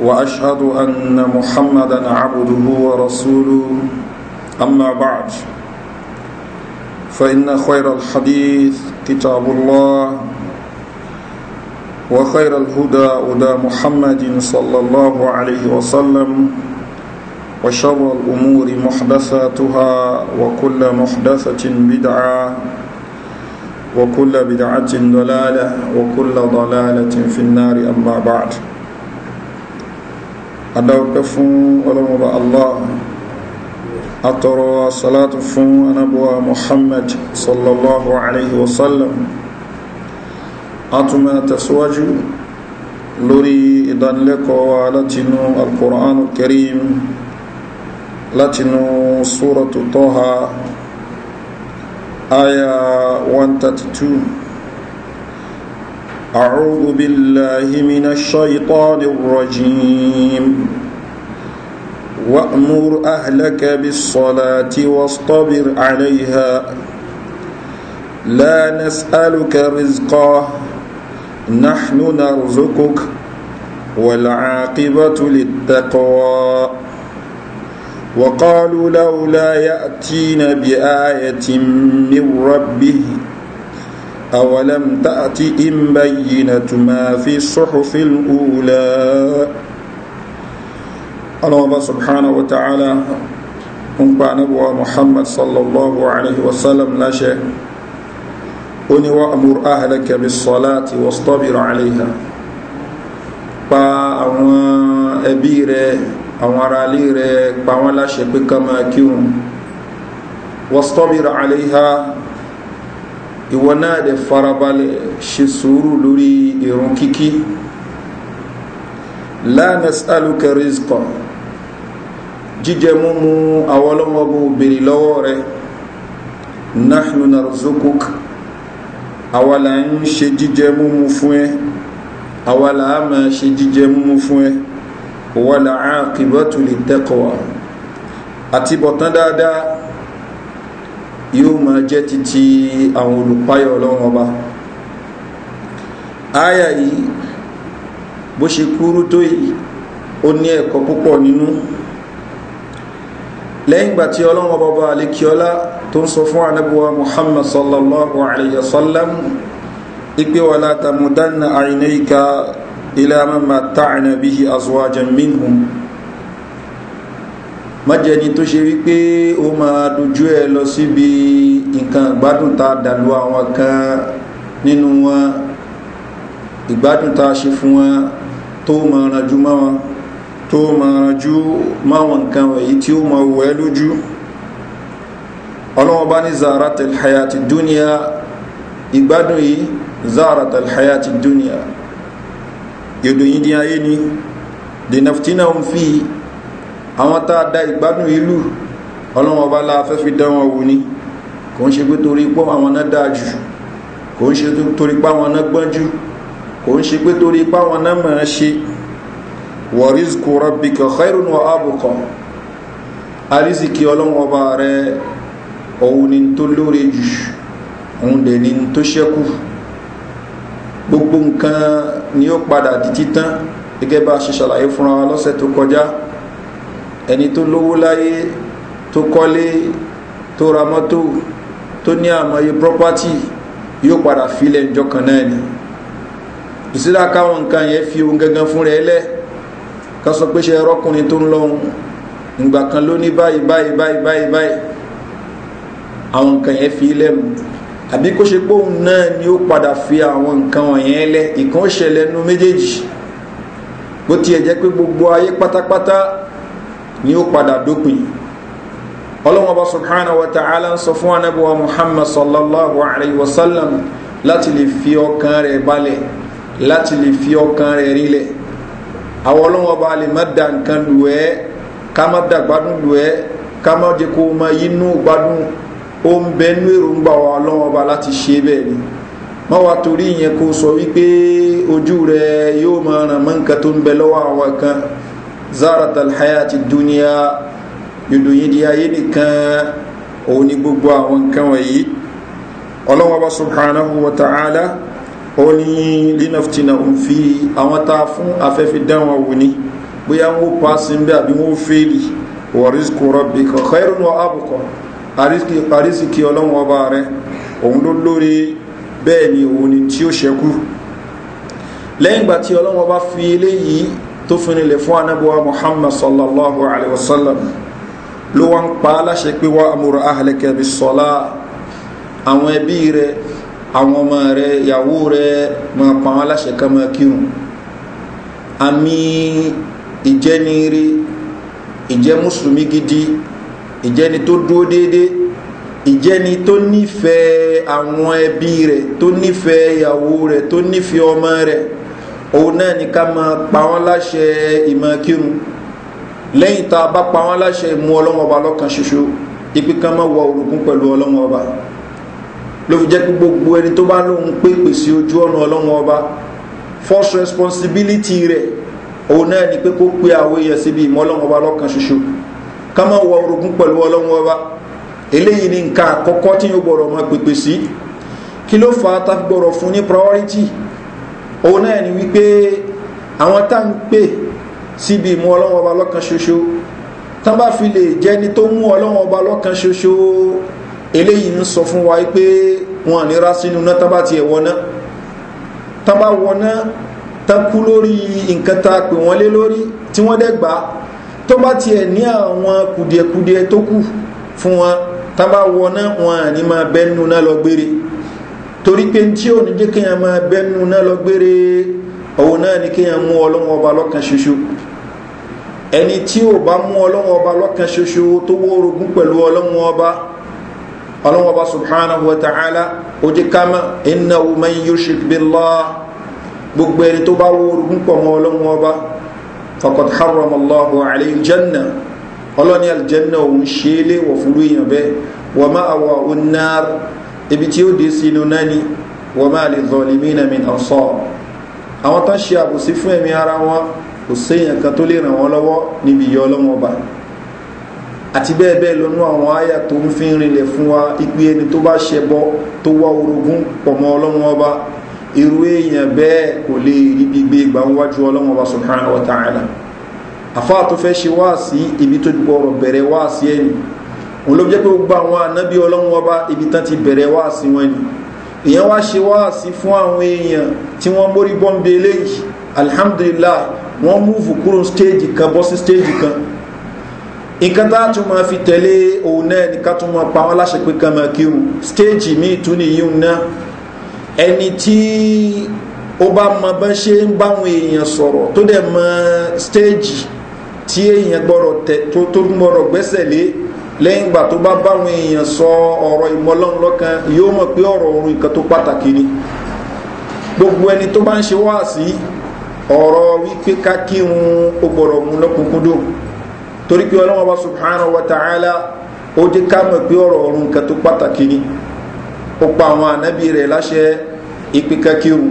واشهد ان محمدا عبده ورسوله اما بعد فان خير الحديث كتاب الله وخير الهدى هدى محمد صلى الله عليه وسلم وشر الامور محدثاتها وكل محدثه بدعه وكل بدعه ضلاله وكل ضلاله في النار اما بعد adáwọ̀pẹ́ fún ọlọ́mọba allah atọrọ asalatu fún anabuwa muhammad sallallahu alaihi wasallam atuma tẹ̀síwájú lórí ìdánilẹ́kọ̀ọ́ wa látinú alkùránù kẹrìm látinú súrọ̀tù tọ́ha aya 132 أعوذ بالله من الشيطان الرجيم وأمر أهلك بالصلاة واصطبر عليها لا نسألك رزقا نحن نرزقك والعاقبة للتقوى وقالوا لولا يأتين بآية من ربه أولم إن بينة ما في الصحف الأولى ọlọ́wọ́ba subhanahu wa ta'ala ń pa níbuwa muhammad sallallahu alaihi wasallam láṣẹ ó ní wá amúr ahlaka bis salati wastabir alaiha pa àwọn ẹbí rẹ àwọn aráalé rẹ pa wọn láṣẹ pé ká máa kíhun wastabir alaiha ìwọ náà dẹ̀ farabalẹ̀ ṣe sùúrù lórí ìrun kíkí la nas'aluka rizqan jíjẹ múmu àwọn ọlọ́wọ́ bó bèrè lọ́wọ́ rẹ nahnu narzukuk àwa là ń ṣe jíjẹ múmu fún ẹ àwa là á máa ṣe jíjẹ múmu fún ẹ wa la aqibatu littaqwa àti bọ̀tán dáadáa yóò máa jẹ́ títí àwọn olùpáyọ̀ ọlọ́run ọba yìí bó ṣe kúrú tó yìí ó ní ẹ̀kọ́ púpọ̀ nínú lẹ́yìn gbà tí ọlọ́wọ́ bọ́bá alikiola tó ń sọ fún anábíwá muhammad sallallahu alayhi wa sallam ipe wà látàmúdánà àìníkà ilẹ̀ àmàmà tààna bí i azuwajan minhum májẹni tó ṣe wípé ó máa dojú ẹ lọ síbi nǹkan ìgbádùn dàlú àwọn kan nínú wọn ìgbádùn ṣe fún wọn tó máa ranjú wọn tó máa rajú máwọn nǹkan wọ̀nyí tí ó máa wọ̀ ẹ́ lójú ọlọ́wọ́n bá ní zarat alhayati duniya ìgbádùn yìí zarat alhayati duniya ìdòyìn di ayé ni denaftina ń fi àwọn tá a da ìgbádùn ìlú ọlọ́wọ́n bá láàfẹ́ fi dá wọn wò ni kò ń ṣe pé torí pọ́ àwọn náà dáa jù kò ń ṣe torí pọ́ àwọn náà gbọ́n jù kò ń ṣe pé torí pọ́ àwọn náà mọ̀ ṣe wa rizqu rabbika khairun wa abqa arísìkí ọlọ́run ọba rẹ òun ni tó lóore jù òun dẹ̀ ni tó ṣẹ́kù gbogbo nǹkan ni ó padà di títán gẹ́gẹ́ bá a ṣe ṣàlàyé fúnra wa lọ́sẹ̀ tó kọjá ẹni tó lówó láyé tó kọ́lé ra mọ́tò tó ní àmọye property yóò padà filẹ̀ ìjọ kan náà ni ìsìlá nǹkan yẹn fi ohun gangan fún rẹ̀ lẹ́ẹ̀ ká sọ pé ṣe ẹrọkùnrin tó ń lọ́hùn ìgbà kan ló ní báyìí báyìí báyìí báyìí báyìí àwọn nǹkan yẹn fi ilẹ̀ mu àbí kó ṣe póun náà ni ó padà fi àwọn nǹkan wọ̀nyẹn lẹ ìkan ó ṣẹlẹ̀ nu méjèèjì bó tiẹ̀ jẹ́ pé gbogbo ayé pátápátá ni ó padà dópin ọlọ́wọ́n bá subhana wa ta'ala ń sọ fún anábíwá muhammad sallallahu alayhi wa sallam láti lè fi ọkàn rẹ̀ balẹ̀ láti lè fi ọkàn rẹ̀ rílẹ̀ àwọn ọlọ́wọ́ bá lè má da nǹkan lù ẹ́ ká má da gbádùn lù ẹ́ ká má jẹ́ kó má yínú gbádùn ó ń bẹ wa ọlọ́wọ́ bá láti ṣe ni má wa torí ìyẹn kó sọ wípé ojú rẹ yóò máa ràn mọ́ nǹkan tó ń bẹ lọ́wọ́ àwọn kan zarat alhayati dunia yòdòyìn di ayé nìkan òun ni gbogbo àwọn nǹkan wọ̀nyí ọlọ́wọ́ bá subhanahu wa ta'ala. ala ó ní linaftina ń fi àwọn tá a fún afẹ́fẹ́ dánwà wò ní bóyá wọ́n paasi ń bẹ́ àbí wọ́n fèèlì wọ́n rísíkì rabbika khairun wa abqa àrísìkì ọlọ́wọ́n ọba rẹ òun ló lórí bẹ́ẹ̀ ni òun ni tí ó ṣẹ́kù lẹ́yìn ìgbà tí ọlọ́wọ́n ọba fi eléyìí tó fi rinlẹ̀ fún anábọ́wá muhammad sallallahu alayhi wa sallam ló wá ń pa aláṣẹ pé wá amúra ahlẹ́kẹ́ bí sọlá àwọn ẹbí rẹ̀ àwọn ọmọ rẹ ìyàwó rẹ máa pa wọn aláṣẹ ká máa kírun àmì ìjẹniire ìjẹ mùsùlùmí gidi ìjẹni tó dúró déédéé ìjẹni tó nífẹ̀ẹ́ àwọn ẹbí rẹ̀ tó nífẹ̀ẹ́ ìyàwó rẹ̀ tó nífẹ̀ẹ́ ọmọ rẹ̀ òun náà ni ká máa pa wọ́n láṣẹ ìmọ̀ kírun lẹ́yìn tá a bá pa wọ́n láṣẹ ìmú ọlọ́wọ́n ọba lọ́kàn ṣoṣo ìpín máa wọ orogún pẹ̀lú ọlọ́wọ́n ọba ló fi jẹ́ pé gbogbo ẹni tó bá lóun pépè sí ojú ọ̀nà ọlọ́run ọba first responsibility rẹ̀ òun náà ni pé kó pe àwọn èèyàn síbi ìmọ̀ ọlọ́run ọba lọ́kàn ṣoṣo ká má wọ orogún pẹ̀lú ọlọ́run ọba eléyìí ni nǹkan àkọ́kọ́ tí yóò gbọ́dọ̀ mọ pèpè sí kí ló fà á tá gbọ́dọ̀ fún ní priority òun náà ni wípé àwọn tá ń pè síbi ìmọ̀ ọlọ́run ọba lọ́kàn ṣoṣo tá bá fi lè jẹ́ni tó mú ọlọ́run ọba lọ́kàn ṣoṣo eléyìí ń sọ fún wa pé wọn ní rá sínú náà tábà tiẹ̀ wọná tábà wọná takú lórí nǹkan ta pè wọ́n lé lórí tí wọ́n dẹ̀ gbà tó bá tiẹ̀ ní àwọn kùdìẹ̀kùdìẹ̀ tó kù fún wọn tábà wọná wọn ní máa bẹ́nu náà lọ gbére torí pé tí ò ní jẹ́ kéèyàn máa bẹ́nu náà lọ gbére òun náà ni kéèyàn mú ọlọ́wọ́ ọba lọ́kan ṣoṣo ẹni tí ò bá mú ọlọ́wọ́ ọba lọ́kan ṣoṣo tó wó orogún pẹ̀lú ọlọ́wọ́ ọba ọlọ́wọ́ba subhanahu wa ta'ala ó jẹ́ kama iná man yushrik billah gbogbo ẹni tó bá wọ́n orúkún pọ̀ mọ́ ọlọ́wọ́ba faqad harrama Allahu alayhi aljanna ọlọ́ni aljanna òun ṣe é léwọ̀ fún lóyìn bẹ́ẹ̀ wa ma'awahu an-nar ibi tí ó dé sí inú náà wa ma lizzalimina min ansar àwọn tán ṣe àbòsí fún ẹ̀mí ara wọn kò séèyàn kan tó lè ràn wọ́n lọ́wọ́ níbi ìyọ́ ọlọ́wọ́ba àti bẹ́ẹ̀ bẹ́ẹ̀ lọ́nú àwọn àyà tó ń fi rinlẹ̀ fún wa ipe ẹni tó bá ṣẹbọ tó wá orogún pọ̀mọ́ ọlọ́run ọba irú èèyàn bẹ́ẹ̀ kò lè rí gbígbé ìgbà wájú ọlọ́run ọba subhanahu wa ta'ala àfáà tó fẹ́ ṣe wá sí ibi tó gbọ́rọ̀ bẹ̀rẹ̀ wá sí ẹni òun ló jẹ́ pé gbogbo àwọn ànábí ọlọ́run ọba ibi tán ti bẹ̀rẹ̀ wá sí wọn ni èèyàn wá ṣe wá sí fún àwọn èèyàn tí wọ́n mórí bọ́m̀bé eléyìí alhamdulillah wọ́n múùfù kúrò stéèjì kan bọ́ sí stéèjì kan nǹkan tá a tún máa fi tẹ̀lé òun náà ní ká tún máa pa wọ́n láṣẹ pé ká máa kírun stéèjì míì tún nìyíun náà ẹni tí ó bá mọ bá ṣe ń báwọn èèyàn sọ̀rọ̀ tó dẹ̀ mọ stéèjì tí sọ ọ̀rọ̀ ìmọ̀lọ́run lọ́kan yóò mọ̀ pé ọ̀rọ̀ orin ni gbogbo eni tó bá ń ṣe torí pé ọlọ́wọ́n bá subhanahu wa ta'ala ó jẹ́ ká mọ̀ pé ọ̀rọ̀ ọ̀run nǹkan tó pàtàkì ni ó pa àwọn ànábì rẹ̀ láṣẹ ìpínkẹ́kíru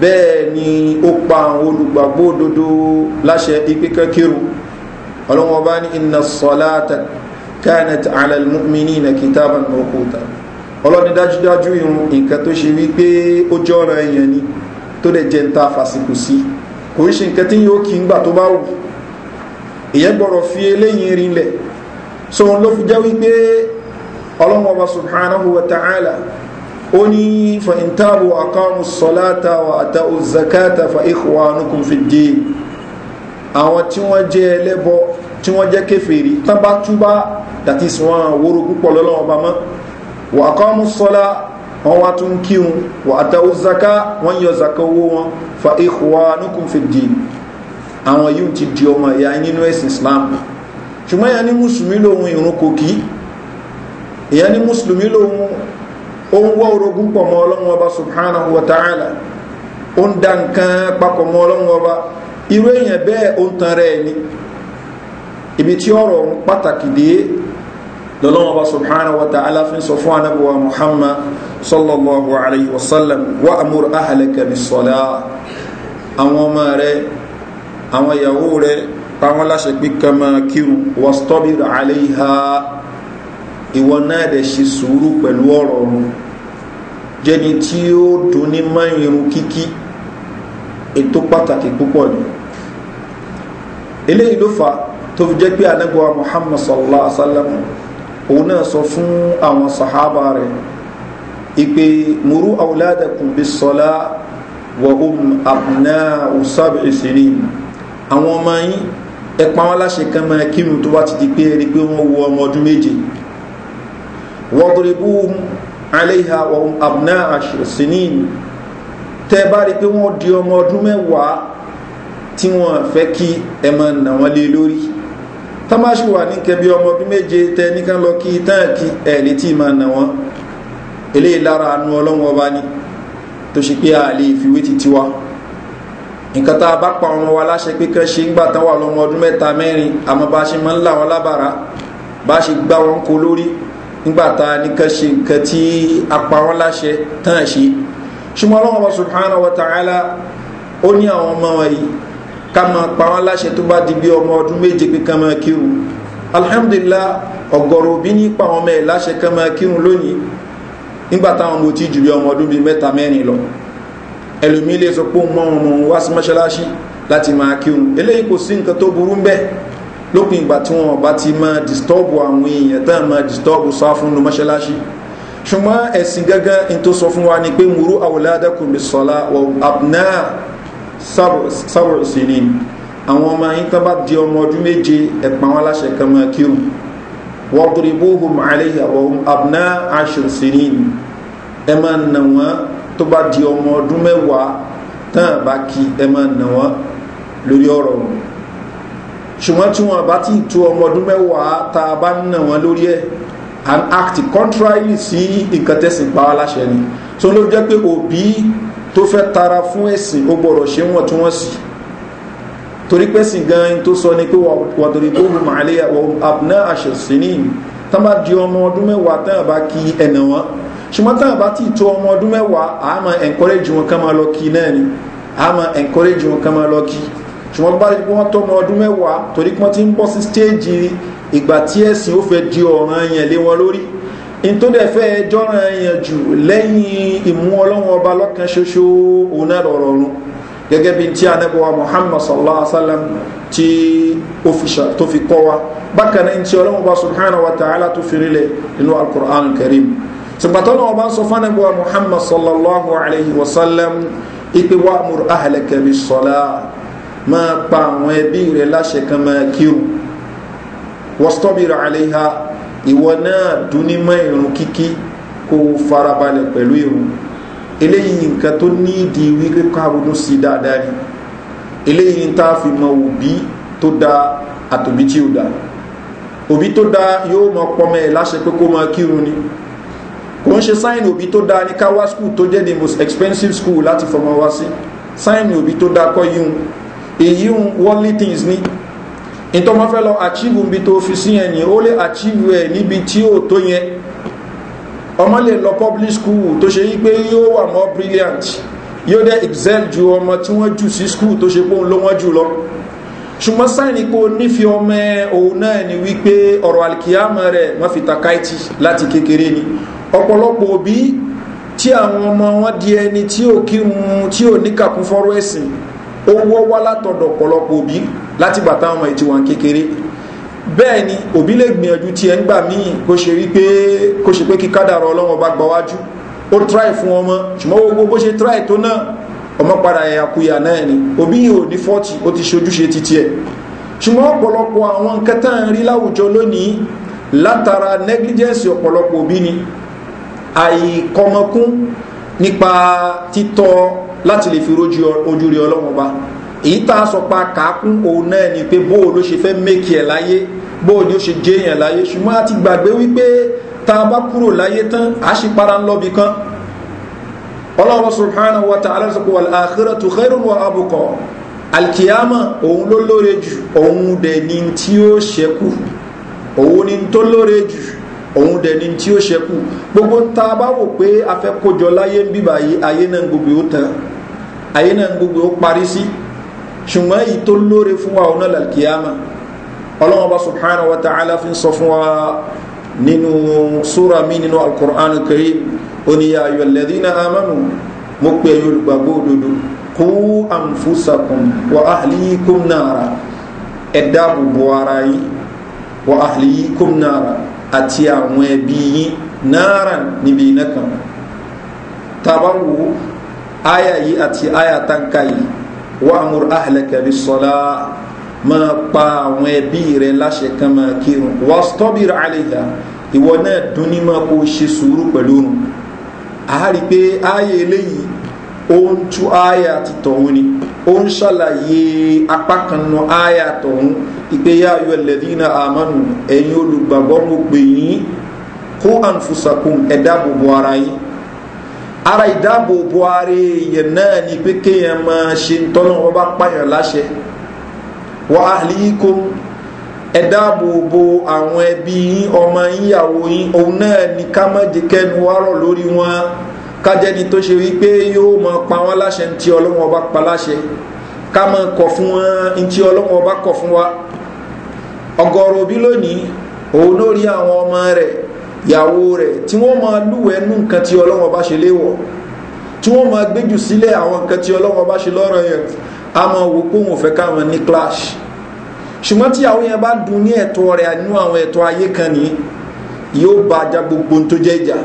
bẹ́ẹ̀ ni ó pa àwọn olùgbàgbọ́ òdodo láṣẹ ìpínkẹ́kíru ọlọ́wọ́n bá ní inna salata kanat ala almu'minina kitaban mawquta ọlọ́ni dájúdájú irun nǹkan tó ṣe wípé ó jẹ́ ọ̀ràn èèyàn ni tó dẹ̀ jẹ́ ń ta fàsìkò sí kò ń ṣe nǹkan tí yóò kí ń gbà tó bá wù ìyẹn gbọ́dọ̀ fi eléyìí rinlẹ̀ so ló fi jẹ́ wípé ọlọ́wọ́ ọba subhanahu wa ta'ala ó ní fa intabu aqamu salata wa ata'u zakata fa ikhwanukum fi ddin àwọn tí wọ́n jẹ́ ẹlẹ́bọ tí wọ́n jẹ́ kèfèrí tán bá túbá that is wọn wóró púpọ̀ lọ́lọ́wọ́ mọ́ wa aqamu salat wọn wá tún kírun wa ata'u zaka wọn yọ zaka owó wọn fa ikhwanukum fi ddin àwọn yóò ti di ọmọ ìyá nínú ẹ̀sìn islam ṣùgbọ́n ìyá ní mùsùlùmí lòun ìrún kò kí ìyá ní mùsùlùmí lòun ohun wọ́ orogún pọ̀ mọ́ ọlọ́run ọba subhanahu wa ta'ala ó ń da nǹkan papọ̀ mọ́ ọlọ́run ọba irú èèyàn bẹ́ẹ̀ ó ń tan rẹ̀ ni ibi tí ọ̀rọ̀ ọ̀hún pàtàkì dé lọ́lọ́run ọba subhanahu wa ta'ala fi ń sọ fún anábọ̀wá muhammad sallallahu alayhi wa sallam wa amur ahalaka bisola àwọn ọmọ rẹ̀ àwọn ìyàwó rẹ̀ pa wọ́n láṣẹ pé kàn máa kírun wastabir alayha ìwọ náà dẹ̀ ṣe sùúrù pẹ̀lú ọ̀rọ̀ ọ̀run jẹni tí ó dùn ní mọ́ irun kíkí ètò pàtàkì púpọ̀ ni eléyìí ló fà tó fi jẹ́ pé anagba muhammad sallallahu alaihi wa sallam òun náà sọ fún àwọn sàhábà rẹ̀ ìpè muru awladakum bis wa um abna'u sab'i sinin àwọn ọmọ yín ẹ pa wọn láṣẹ kan máa kírun tó bá ti di pé ẹni pé wọ́n wo ọmọ ọdún méje wọ́dùrìbù aléha abná àṣìṣìnín tẹ́ bá rí pé wọ́n di ọmọ ọdún mẹ́wàá tí wọ́n fẹ́ kí ẹ nà wọ́n lé lórí tọ́máṣì wà ní kẹbi ọmọ ọdún méje tẹ nìkan lọ kí tán kí ẹ̀ létí máa nà wọ́n eléyìí lára àánú ọlọ́wọ́n ọba ni tó ṣe pé a lè fi wé ti tiwa nǹkan tá a bá pa ọmọ wa láṣẹ pé kán ṣe ńgbà tán wà lọ́mọ ọdún mẹ́ta mẹ́rin àmọ́ bá ṣe máa ń là wọn lábàrá bá ṣe gbá wọn kó lórí nígbà tá a ní kán ṣe nǹkan tí a pa wọn láṣẹ tán ṣe ṣùgbọ́n ọlọ́run wa wa ta'ala ó ní àwọn ọmọ wọn yìí ká máa pa wọn láṣẹ tó bá di bí ọmọ ọdún méje pé máa kírun alhamdulillah ọ̀gọ̀rọ̀ òbí ní pa àwọn ọmọ láṣẹ ká máa kírun lónìí nígbà táwọn mo ti jù bí ọmọ ọdún bíi mẹ́ta mẹ́rin lọ ẹlòmí lè sọ pé mọ́ ọmọ wá sí mọ́ṣáláṣí láti máa kírun eléyìí kò sí nǹkan tó burú ń bẹ́ lópin ìgbà tí wọn bá ti máa dìstọ́bù àwọn èèyàn tán máa dìstọ́bù sáfún lu mọ́ṣáláṣí ṣùgbọ́n ẹ̀sìn gangan in tó sọ fún wa ni pé muru awoladakum bisola wa abna sabur sinin àwọn ọmọ yín tán bá di ọmọ ọdún méje ẹ̀pà wọn aláṣẹ kan máa kírun wọ́n dúró bóhùn àlẹ́ ìyàwó abna ashur sinin ẹ máa nà wọ́n tó bá di ọmọ ọdún mẹ́wàá tán bá kí ẹ máa nà wọ́n lórí ọ̀rọ̀ wọn ṣùgbọ́n tí wọ́n bá ti tó ọmọ ọdún mẹ́wàá tá a bá nà wọ́n lórí ẹ̀ an act contrary sí nǹkan tẹ̀sìn pa á láṣẹ ni tó ló jẹ́ pé òbí tó fẹ́ tara fún ẹ̀sìn ó gbọ́dọ̀ ṣe wọ́n tí wọ́n sì torí pé sìn gan tó sọ ni pé wàdùrí tó hùn màálé àbùná àṣẹ̀sìn ní tán bá di ọmọ ọdún mẹ́wàá tán bá kí ẹ̀nà wọn ṣùgbọ́n táwọn bá ti tó ọmọ ọdún mẹ́wàá a máa encourage wọn ká máa lọ kí náà ni a máa encourage wọn ká máa lọ kí ṣùgbọ́n bá ti wọ́n tó ọmọ ọdún mẹ́wàá torí pé wọ́n ti ń bọ́ sí stéèjì ìgbà tí ẹ̀sìn ó fẹ́ di ọ̀ràn yẹn lé wọn lórí in tó dẹ̀ yẹn jù lẹ́yìn ìmú ọlọ́wọ́n ọba lọ́kan ṣoṣo òun náà lọ̀rọ̀ ọ̀run gẹ́gẹ́ bí tí anábọ̀wá muhammad sallallahu alaihi wa sallam tí ó fi ṣà tó fi kọ́ wa bákan náà in tí ọba subhanahu wa ta'ala tó fi rílẹ̀ nínú alukur'an karim sọgbàtọ́ náà ọba ń sọ fún ẹgbẹ́ muhammad sallallahu alayhi wa sallam ipe wa amúr ahlẹ̀kẹ́ bí sọlá máa pa àwọn ẹbí rẹ̀ láṣẹ kan máa kírun wọ́stọ́bìrì àléhà ìwọ náà dúnímọ̀ irun kíkí kó o farabalẹ̀ pẹ̀lú irun eléyìí nǹkan tó ní ìdí wíwé káàbùnú sí dáadáa ni eléyìí ń tá a fi mọ òbí tó dáa àtòbí tí ò dáa òbí tó dáa yóò mọ pọmọ láṣẹ pé kó máa kírun ni kò ń ṣe sáìnì òbí tó dáa ní káwá school tó jẹ́ the most expensive school láti fọmọ wá sí sáìnì òbí tó dáa kọ́ yíhun èyíhun worldly things ni ìtọ́mọ́ fẹ́ lọ achieve níbi tó fi sí ẹ̀yìn ó lè achieve ẹ̀ níbi tí ó tó yẹn ọmọ lè lọ public school tó ṣe yí pé yóò wà mọ́ brilliant yóò dẹ́ excel ju ọmọ tí wọ́n jù sí school tó ṣe pé òun ló wọ́n jù lọ ṣùgbọ́n sáìnì pé o ọmọ òun náà ni wípé ọ̀rọ̀ alkiyama rẹ̀ wọ́n fi takaiti láti kékeré ni ọ̀pọ̀lọpọ̀ òbí tí àwọn ọmọ wọn di ẹni tí ò kírun tí ò níkàkún fọ́rọ̀ ẹ̀sìn ó wọ́ wá látọ̀dọ̀ ọ̀pọ̀lọpọ̀ òbí láti bàtà ọmọ ètí wọn kékeré bẹ́ẹ̀ ni òbí lè gbìyànjú tí ẹ ń gbà míì kó ṣe rí pé kó ṣe pé kí kádàrọ̀ ọlọ́wọ́ bá gbọ́wájú ó tíráì fún ọmọ ṣùgbọ́n gbogbo bó ṣe tíráì tó náà ọmọ padà ẹ̀yà kuyà náà ni òbí yìí ò ní fọ́ọ̀tì ó ti ṣojúṣe títí ẹ̀ ṣùgbọ́n ọ̀pọ̀lọpọ̀ àwọn nǹkan rí láwùjọ lónìí látara negligence ọ̀pọ̀lọpọ̀ òbí ni àìkọmọkún nípa títọ́ láti lè fi rojú ojú rí ọlọ́run ba èyí tá a sọ pa kàákún òun náà ni pé bóò ló ṣe fẹ́ mẹ́kì ẹ̀ láyé bóò ni ó ṣe jẹ́ láyé ṣùgbọ́n a ti gbàgbé wípé tá a bá kúrò láyé tán a ṣì para ń lọ́bi kan ọlọ́run subhanahu wa ta'ala sọ pé al-akhiratu khairun wa abqa alkiyama òun ló lóore jù òun dẹ̀ ni tí ó ṣẹ́kù òun ni tó lóore jù òun dẹ̀ ni tí ó ṣẹ́kù gbogbo ta bá wò pé a fẹ́ kójọ láyé ń bíbà yìí ayé náà gbogbo ó tán ayé náà gbogbo ó parí sí ṣùgbọ́n èyí tó lóore fún wa òun náà lálkiyama ọlọ́run subhanahu wa ta'ala fi ń sọ fún wa nínú súra mi nínú alukur'an karim ó ní yá ayọ̀ lẹ́dínà amánu mo pè é olùgbàgbọ́ òdodo kú ànfúsàkùn wà áhìlíkùn náírà ẹ dáàbò bo ara yín wà áhìlíkùn náírà àti àwọn ẹbí yín náírà níbi aya yìí àti aya tanka yìí wà ámúr áhìlẹ̀kẹ̀ bí sọlá pa àwọn ẹbí rẹ láṣẹ kan máa kírun wà stọ́bìrì ìwọ náà dún ní máa kó ṣe sùúrù pẹ̀lú òun àárí pé ààyè eléyìí ó ń tú ààyà ti tọ̀hún ni ó ń ṣàlàyé apá kan nu ààyà tọ̀hún ìpéyà ayọ̀ lẹ́dínà àmọ́nù ẹ̀yin olùgbàgbọ́ mo pè yín kó ànfùsàkùn ẹ̀dá ara yín ara ìdáàbòbò ara èèyàn náà ni pé kéèyàn máa ṣe ń tọ́lọ́wọ́ bá pààyàn láṣẹ wàhálì kò ẹ dáàbò bo àwọn ẹbí yín ọmọ yín ìyàwó yín òun náà ní ká má jẹ́ kẹ́nu wárọ̀ lórí wọn kájẹ́ni tó ṣe wípé yóò mọ pa wọ́n láṣẹ ntí ọlọ́wọ́n ọba pa láṣẹ ká mọ kọ̀ fún wọn ntí ọlọ́wọ́n ọba kọ̀ fún wa ọgọ́rùn òbí lónìí òun ló rí àwọn ọmọ rẹ̀ ìyàwó rẹ̀ tí wọ́n máa lúwẹ̀ẹ́ nú nǹkan tí ọlọ́wọ́n bá ṣe léwọ̀ tí wọ́n máa gbéjù sílẹ̀ àwọn nǹkan tí ọlọ́wọ́n bá ṣe lọ́rọ̀ yẹn a máa pé òun fẹ́ káwọn ní clash ṣùgbọ́n tí àwọn yẹn bá dun ní ẹ̀tọ́ rẹ̀ nínú àwọn ẹ̀tọ́ ayé kan ní yóò bá ajá gbogbo tó jẹ́ ìjà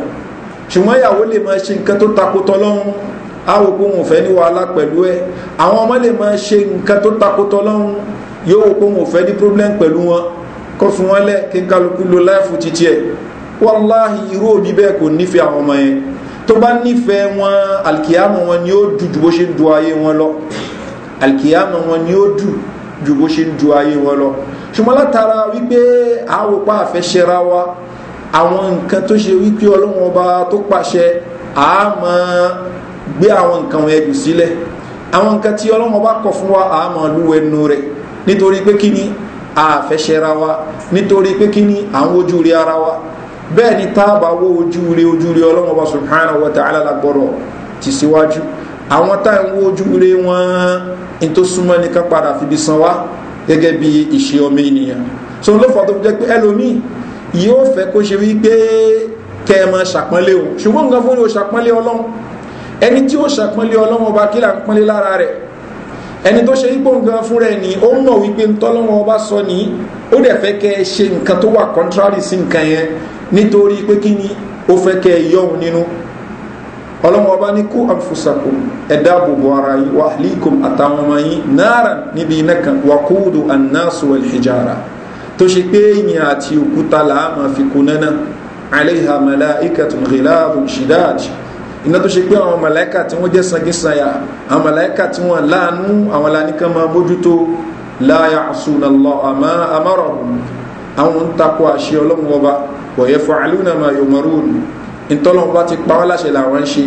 ṣùgbọ́n ìyàwó lè máa ṣe nǹkan tó tako tọ́lọ́hún àwọn òpó wọn fẹ́ ní wàhálà pẹ̀lú ẹ àwọn ọmọ lè máa ṣe nǹkan tó tako tọ́lọ́hún yóò òpó wọn fẹ́ ní problem pẹ̀lú wọn kó fún wọn lẹ̀ kí kálukú lo láìfù títí ẹ̀ wàláhì irú òbí bẹ́ẹ̀ kò nífẹ̀ẹ́ àwọn ọmọ yẹn tó bá nífẹ̀ẹ́ wọn alkiyama wọn ni ó dù bó ṣe du ayé wọn lọ alkiyama wọn ni ó dù ju bó ṣe ń ju ayé wọn lọ ṣùgbọ́n látara wípé àwòpá àfẹ́ṣẹ́ra wa àwọn nǹkan tó ṣe wípé ọlọ́wọ́n ọba tó pàṣẹ àmọ́ gbé àwọn nǹkan wọn ẹ̀jù sílẹ̀ àwọn nǹkan tí ọlọ́wọ́n ọba kọ̀ fún wa àmọ́ lúwẹ̀ẹ́nu rẹ̀ nítorí pé kí ni àfẹ́ṣẹ́ra wa nítorí pé kí ni àwọn ojú rí ara wa bẹ́ẹ̀ ni táàbà wo ojú rí ojú rí ọlọ́wọ́n ọba subhanahu wa ta'ala la gbọ́dọ̀ síwájú àwọn tá à ń wo ojú rere wọn ní tó súnmọ́ ní ká padà fibi san wá gẹ́gẹ́ bí ìṣe ọmọ ènìyàn so ló fọ́ tó jẹ́ pé ẹlòmíì yóò fẹ́ kó ṣe wípé kẹ́ ẹ máa ṣàpọ́nlé o ṣùgbọ́n nǹkan fún yóò ṣàpọ́nlé ọlọ́run ẹni tí ó ṣàpọ́nlé ọlọ́run ọba kí là ń pọ́nlé lára rẹ̀ ẹni tó ṣe ipò nǹkan fún rẹ̀ ni ó mọ̀ wípé ntọ́lọ́run ọba sọ ní ó dẹ̀ fẹ́ kẹ́ ṣe nǹkan tó wà contrary sí nǹkan yẹn nítorí pé kí ni ó fẹ́ kẹ́ ẹ nínú ọlọ́mọ ọba ní kú anfusakum ẹ̀dá àbùbọ̀ ara yìí wa ahlikum àtàwọn ọmọ yìí naran níbi iná kan wà kúùdù annasu wal hijara tó ṣe pé ìyìn àti òkúta làámà fi kuná náà alayha malaikatun ghilabun shidad iná tó ṣe pé àwọn màláíkà tí wọ́n jẹ́ sangisanya àwọn màláíkà tí wọ́n láàánú àwọn aláníkan máa bójútó la ya'suna Allaha ma àwọn ń takò àṣẹ ntọ́lọ́wọ́n bá ti pa wọ́n láṣẹ làwọn ń ṣe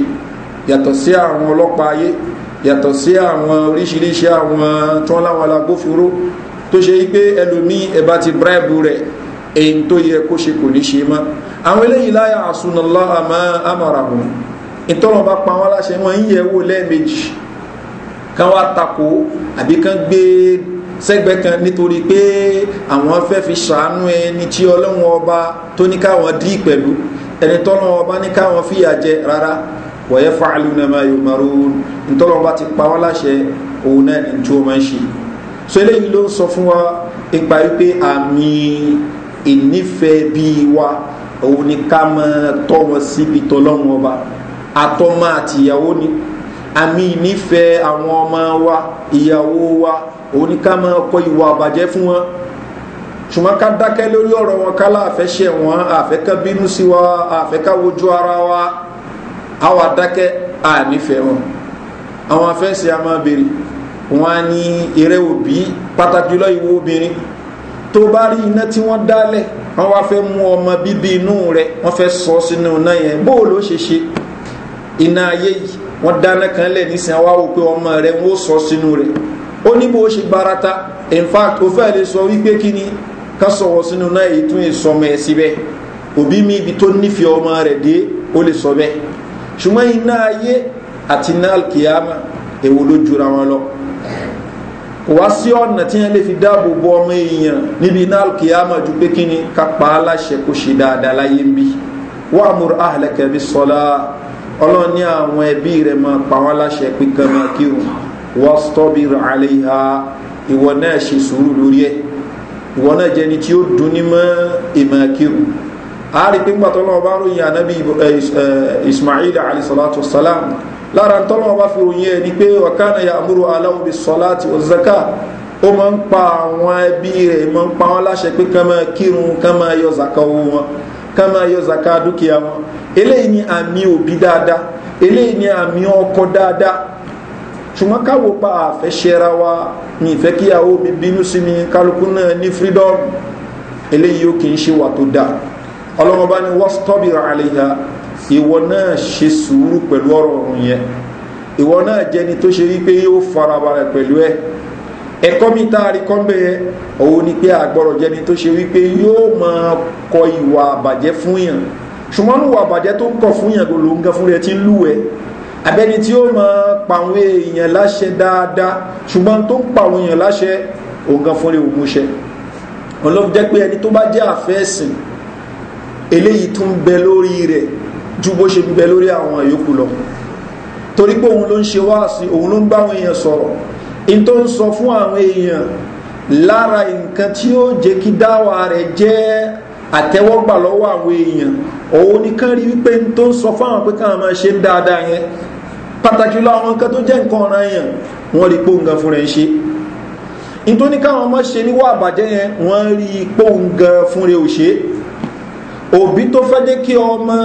yàtọ̀ sí àwọn ọlọ́pàá ayé yàtọ̀ sí àwọn oríṣiríṣi àwọn tí wọ́n láwọn alágbófinró tó ṣe wípé ẹlòmíì ẹ bá ti bíráìbù rẹ̀ èyí tó yẹ kó ṣe kò ní ṣe mọ́ àwọn eléyìí láyà àsunàlá àmọ́ àmàrà wọn ìtọ́lọ̀ bá pa wọ́n láṣẹ wọn ń yẹ wò lẹ́ẹ̀mejì kan wá tako àbí kan gbé sẹ́gbẹ́ kan nítorí pé àwọn fẹ́ fi ṣàánú ẹni tí ọlọ́wọ́n ọba tó ní káwọn dí pẹ̀lú ẹni tọ́lọ́ ọba ní káwọn fìyà jẹ rárá wọ̀yẹ́ fàálù náà yóò marú ntọ́lọ́ ọba ti pa wọ́n láṣẹ òun náà ní tí ó máa ń ṣe so eléyìí ló sọ fún wa ipa wípé àmì ìnífẹ̀ẹ́ bíi wa òun ni ká máa tọ́ wọn síbi tọ́lọ́run ọba àtọ́mọ àtìyàwó ni àmì ìnífẹ̀ẹ́ àwọn ọmọ wa ìyàwó wa òun ni ká máa kọ ìwà àbàjẹ́ fún wọn ṣùgbọ́n ká dákẹ́ lórí ọ̀rọ̀ wọn ká láàfẹ́ ṣe wọn àfẹ́ ká bínú sí wa àfẹ́ ká wojú ara wa àwa dákẹ́ ànífẹ́ wọn àwọn afẹ́sì a máa béèrè wọn á ní eré òbí pàtàkì lọ ìwọ obìnrin tó bá rí iná tí wọ́n dálẹ̀ wọ́n wá fẹ́ mú ọmọ bíbí inú rẹ̀ wọ́n fẹ́ sọ sínú iná yẹn bóò ló ṣe ṣe iná ayé yìí wọ́n dáná kan lẹ̀ nísìn àwa wò pé ọmọ rẹ̀ wọ́n sọ sínú rẹ̀ ó ní bó ṣe gbarata in fact ó lè sọ wípé kí ni ká sọ̀rọ̀ sínú náà èyí tún yẹ sọmọ ẹ̀ síbẹ̀ òbí mi ibi tó nífẹ̀ẹ́ ọmọ rẹ̀ dé ó lè sọ bẹ́ẹ̀ ṣùgbọ́n iná ayé àti iná alkiyama èwo ló jura wọn lọ kò wá sí ọ̀nà tí wọ́n lè fi dáàbò bo ọmọ èèyàn níbi ju pé kí ni ká pa á láṣẹ kó ṣe dáadáa láyé ń bí wọ́n àmúra àhàlẹ́kẹ̀ bí sọlá ọlọ́run ní àwọn ẹbí rẹ̀ máa pa wọ́n láṣẹ pé kàn máa kírun wọ́n stọ́bìrì àlẹ́ ìhà ìwọ ìwọ náà jẹni tí ó dùn ní mọ́ ìmọ̀ kírù àárí pé ńgbà tọ́lọ́wọ́ bá ròyìn ànábì eh, eh, ismail alayhisalatu salam lára tọ́lọ́wọ́ bá fi ròyìn ẹ̀ ni pé wàkánà ya amúrò aláwòbí sọlá ti ó máa ń pa àwọn ẹbí rẹ̀ máa ń pa wọn láṣẹ pé ká kírun ká máa owó wọn ká máa dúkìá wọn eléyìí ni àmì òbí dáadáa eléyìí ni àmì ọkọ dáadáa ṣùgbọ́n káwo pa àfẹ́ ṣẹra wa ní ìfẹ́ kíyàwó mi bínú sí mi kálukú náà ní fírídọ́ọ̀mù eléyìí ó kì ṣe wà tó dáa ọlọ́mọba ni wọ́n stọ́bìrì àlèyà ìwọ náà ṣe sùúrù pẹ̀lú ọ̀rọ̀ ọ̀run yẹn ìwọ náà jẹni tó ṣe wípé yóò farabalẹ̀ pẹ̀lú ẹ ẹ̀kọ́ mi tá a rí kọ́ bẹ́ẹ̀ òun ni pé àgbọ̀rọ̀ jẹni tó ṣe wípé yóò máa kọ ìwà àbàjẹ́ fún yàn ṣùgbọ́n abẹ́ni tí ó mọ pàwọn èèyàn láṣẹ dáadáa ṣùgbọ́n tó ń pàwọn èèyàn láṣẹ òǹkan fún lè òmúṣẹ ọlọ́run jẹ́ pé ẹni tó bá jẹ́ àfẹ́sìn eléyìí tó ń bẹ lórí rẹ̀ ju bó ṣe ń bẹ lórí àwọn yòókù lọ torí pé òun ló ń ṣe wáàsí òun ló ń bá àwọn èèyàn sọ̀rọ̀ in tó ń sọ fún àwọn èèyàn lára nǹkan tí ó jẹ́ kí dáwà rẹ̀ jẹ́ àtẹ́wọ́gbà lọ́wọ́ àwọn èèyàn òun nìkan rí wípé n tó ń sọ fáwọn pé káwọn máa ṣe ń dáadáa yẹn pàtàkì lọ àwọn nǹkan tó jẹ́ nǹkan ọ̀ràn yẹn wọ́n rí póun gan fúnra ẹ̀ ṣe nítorí káwọn ọmọ ṣe níwọ́ àbàjẹ́ yẹn wọ́n rí póun gan fúnra ẹ̀ ṣe òbí tó fẹ́ dé kí ọmọ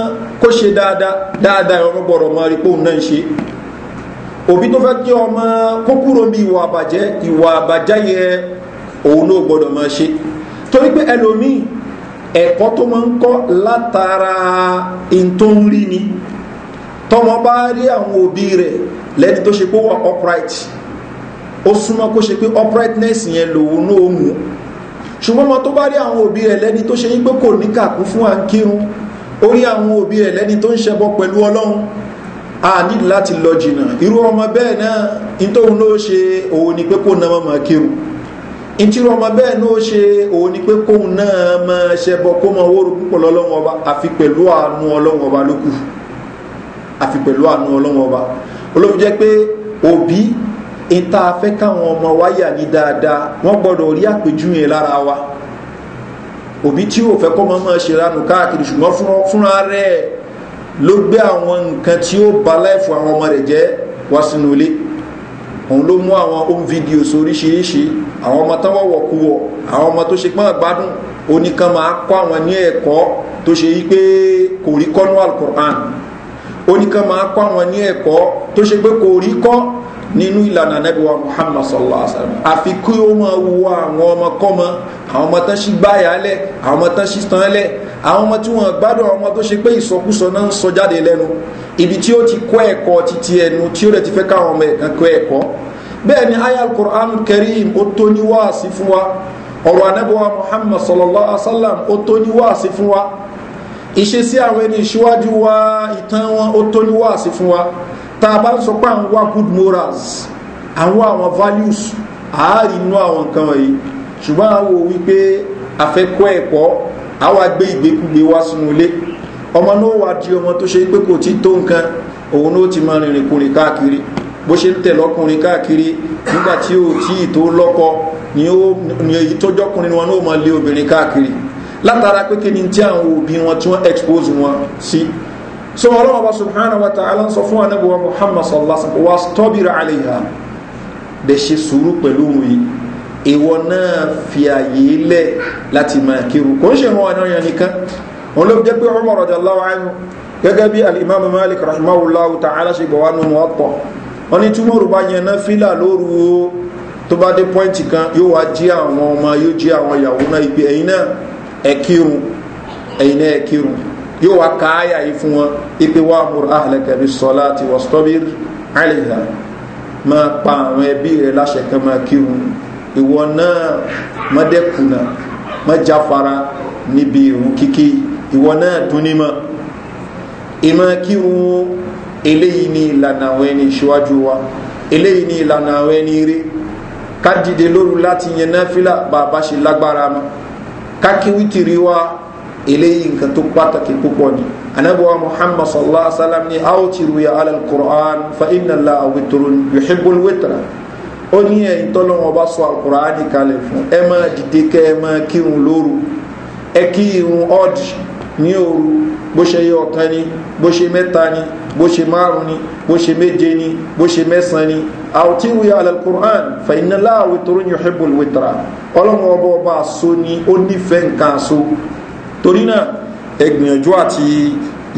kó ṣe dáadáa dáadáa ọmọ gbọ́dọ̀ máa rí póun òun náà ṣe ẹ̀kọ́ tó máa ń kọ́ látara ìtòǹrí ni tọ́mọ bá rí àwọn òbí rẹ̀ lẹ́ni tó ṣe pé wà upright ó súnmọ́ kó ṣe pé uprightness yẹn lòun náà mú ṣùgbọ́n ọmọ tó bá rí àwọn òbí rẹ̀ lẹ́ni tó ṣe yí pé kò ní kàkún fún àkírun ó rí àwọn òbí rẹ̀ lẹ́ni tó ń ṣẹbọ pẹ̀lú ọlọ́run a ní láti lọ jìnnà irú ọmọ bẹ́ẹ̀ náà ní tóun ṣe òun ni pé kó na mọ́ mọ́ kírun ìtìrú ọmọ bẹ́ẹ̀ ní ó ṣe òun ni pé kóun náà máa ṣẹbọ kó mọ owó púpọ̀ lọ́lọ́wọ́ ọba àfi pẹ̀lú àánú ọlọ́wọ́ ọba lókù àfi pẹ̀lú àánú ọlọ́wọ́ ọba olóhùn jẹ́ pé òbí ìta afẹ́ káwọn ọmọ wáyà ní dáadáa wọ́n gbọ́dọ̀ rí àpèjúwe lára wa òbí tí ò fẹ́ kọ́ mọ́ máa ṣe ránù káàkiri ṣùgbọ́n fúnra rẹ̀ ló gbé àwọn nǹkan tí ó ba láìfọ àwọn ọmọ rẹ̀ jẹ́ wá sínú ilé òun ló mú àwọn home videos oríṣiríṣi àwọn ọmọ tán wọ̀wọ̀ kú wọ̀ àwọn ọmọ tó ṣe pọ́n gbádùn oníkan máa kọ́ àwọn ní ẹ̀kọ́ tó ṣe yí pé kò rí kọ́nú alukur'an oníkan máa kọ́ àwọn ní ẹ̀kọ́ tó ṣe pé kò wa sallam àfi kí máa wo àwọn ọmọ kọ́mọ àwọn ọmọ tán sí gbáyà lẹ̀ àwọn ọmọ tán sí tán lẹ̀ àwọn ọmọ tí wọ́n gbádùn àwọn ọmọ tó ṣe pé ìsọkúsọ náà ibi tí ó ti títí ẹnu tí ó ti káwọn ọmọ bee ni aya al karim ó tó fún wa ọ̀rọ̀ anábọ́wá Muhammad sallallahu alaihi wasallam ó tó ní fún wa ìṣesí àwọn ẹni ìṣíwájú wa ìtàn wọn ó tó ní fún wa tá a bá ń sọ pé à wá good morals àwọn values àárín inú àwọn nǹkan wọ̀nyí ṣùgbọ́n àwọn wípé ẹ̀kọ́ àwọn ìgbékúgbé sínú ilé ọmọ náà wà di ọmọ tó ṣe pé kò tí tó nǹkan òun náà ti máa rìnrìn bó ṣe ń tẹ̀ lọ́kùnrin káàkiri nígbà tí ò tí ì tó lọ́kọ ni èyí tó jọ́kùnrin wọn náà máa lé obìnrin káàkiri látara pé kí tí àwọn òbí wọn tí wọ́n expose wọn sí so ọlọ́wọ́ bá subhanahu wa ta'ala ń sọ fún anábì wa muhammad sallallahu alaihi wa sallam wa stọ́bìrì àlèyà bẹ̀ ṣe sùúrù pẹ̀lú yìí ìwọ náà fi àyè lẹ̀ láti máa kírù kò ń ṣe wọn àná yẹn nìkan wọn ló jẹ́ pé ọmọ rọ̀jà láwọn gẹ́gẹ́ bí alimami malik rahimahullahu ta'ala ṣe gbọ̀wá nínú ọ̀pọ̀ wọ́n ní túmọ̀rù bá yẹn náà fílà lóru o tó bá dé pọ́ìntì kan yóò wá jí àwọn ọmọ yóò jí àwọn ìyàwó náà ibi ẹ̀yin náà ẹ̀ kírun ẹ̀yin náà ẹ̀ kírun yóò wá ka àyà yìí fún wọn ipe wa amúr ahlẹ̀kẹ̀bi sọlá ti wọ́n stọ́bìr àlèyà máa pa àwọn ẹbí rẹ̀ láṣẹ kan máa kírun ìwọ náà mọ́dẹ́kùnà mọ́jáfara níbi ìrù kíkí ìwọ náà dúnímọ̀ ìmọ̀ kírun eléyìí ni ìlànà àwọn ẹni ìṣíwájú wa eléyìí ni ìlànà àwọn ẹni eré ká dìde lóru láti yẹn náfìlà bá a ṣe lágbára mọ́ ká kí wítìrí wa eléyìí nǹkan tó pàtàkì púpọ̀ ni anabuwa muhammad sallallahu alaihi wa sallam ni aw ti ruya alal qur'an fa inna la witrun yuhibbul witra ó ní ẹ̀yin tọ́lọ́ wọn bá sọ alukur'an kalẹ̀ fún ẹ máa dìde kẹ́ ẹ máa kírun lóru ẹ kí irun ọ́dì ní òru bó ṣe yọ ọ̀kan ni bó ṣe mẹ́ta ni bó ṣe márùn ni bó ṣe méje ni bó ṣe mẹ́sàn ni àwòtí wuya alalkur'an fẹ̀yìnà láàwí tó rìn yọ̀hẹ́bùl wìtara ọlọ́run ọba ọba àso ni ó nífẹ̀ẹ́ nǹkan àso torí náà ẹgbìyànjú àti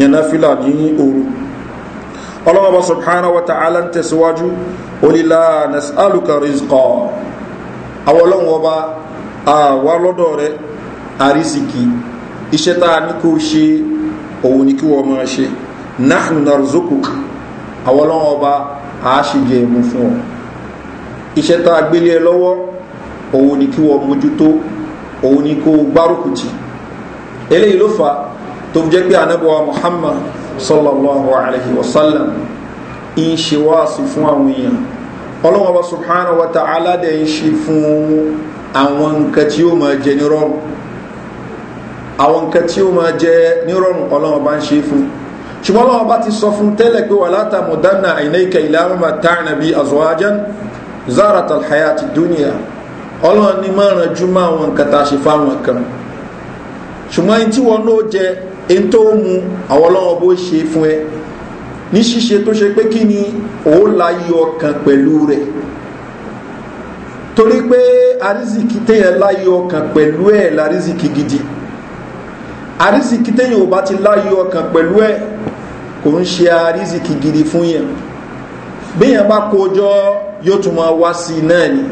yànnáfìlà ní òru ọlọ́run ọba subhanahu wa ta'ala ń tẹ̀síwájú olílà nasaluka rizqa àwọn ọlọ́run ọba àwa lọ́dọ̀ rẹ̀ àrísìkì iṣẹ́ tá a ní kó ṣe òun ni kí wọ́n máa ṣe nahnu narzukuk àwọn ọlọ́wọ́n ọba a ṣe jẹ ẹ̀mú fún ọ iṣẹ́ tá a gbélé ẹ lọ́wọ́ òun ni kí wọ́n mójútó òun ni kó gbárùkù tì eléyìí ló fà tó jẹ́ pé anábọ̀wá muhammad sallallahu alayhi wa sallam ń ṣe wáàsí fún àwọn èèyàn ọlọ́wọ́n ọba subhanahu wa ta'ala dẹ̀ ń ṣe fún àwọn nǹkan tí ó máa jẹ ní rọrùn àwọn nǹkan tí ó máa jẹ nírọ̀rùn ọlọ́run bá ń ṣe fún ṣùgbọ́n ọlọ́run bá ti sọ fún tẹ́lẹ̀ pé wà látàmú dáná àìnáìkà ìlànà tààrà bíi azọ́áján zarat alhaya ti dúnìyà ọlọ́run ní máa ràn jú nǹkan tá a ṣe fáwọn kan ṣùgbọ́n ẹni tí wọn náà jẹ ẹni tó mu àwọn ọlọ́run bó ṣe fún ẹ ní ṣíṣe tó ṣe pé kí ni òun láyé ọkàn pẹ̀lú rẹ̀ torí pé arísìkí téèyàn láyé ọkàn pẹ̀lú ẹ̀ lárísìkí gidi àrísìkí téyàn ò bá ti láyé ọkàn pẹ̀lú ẹ̀ kò ń ṣe àrísìkí gidi fún yẹn béèyàn bá kójọ yóò tún máa wá sí i náà ni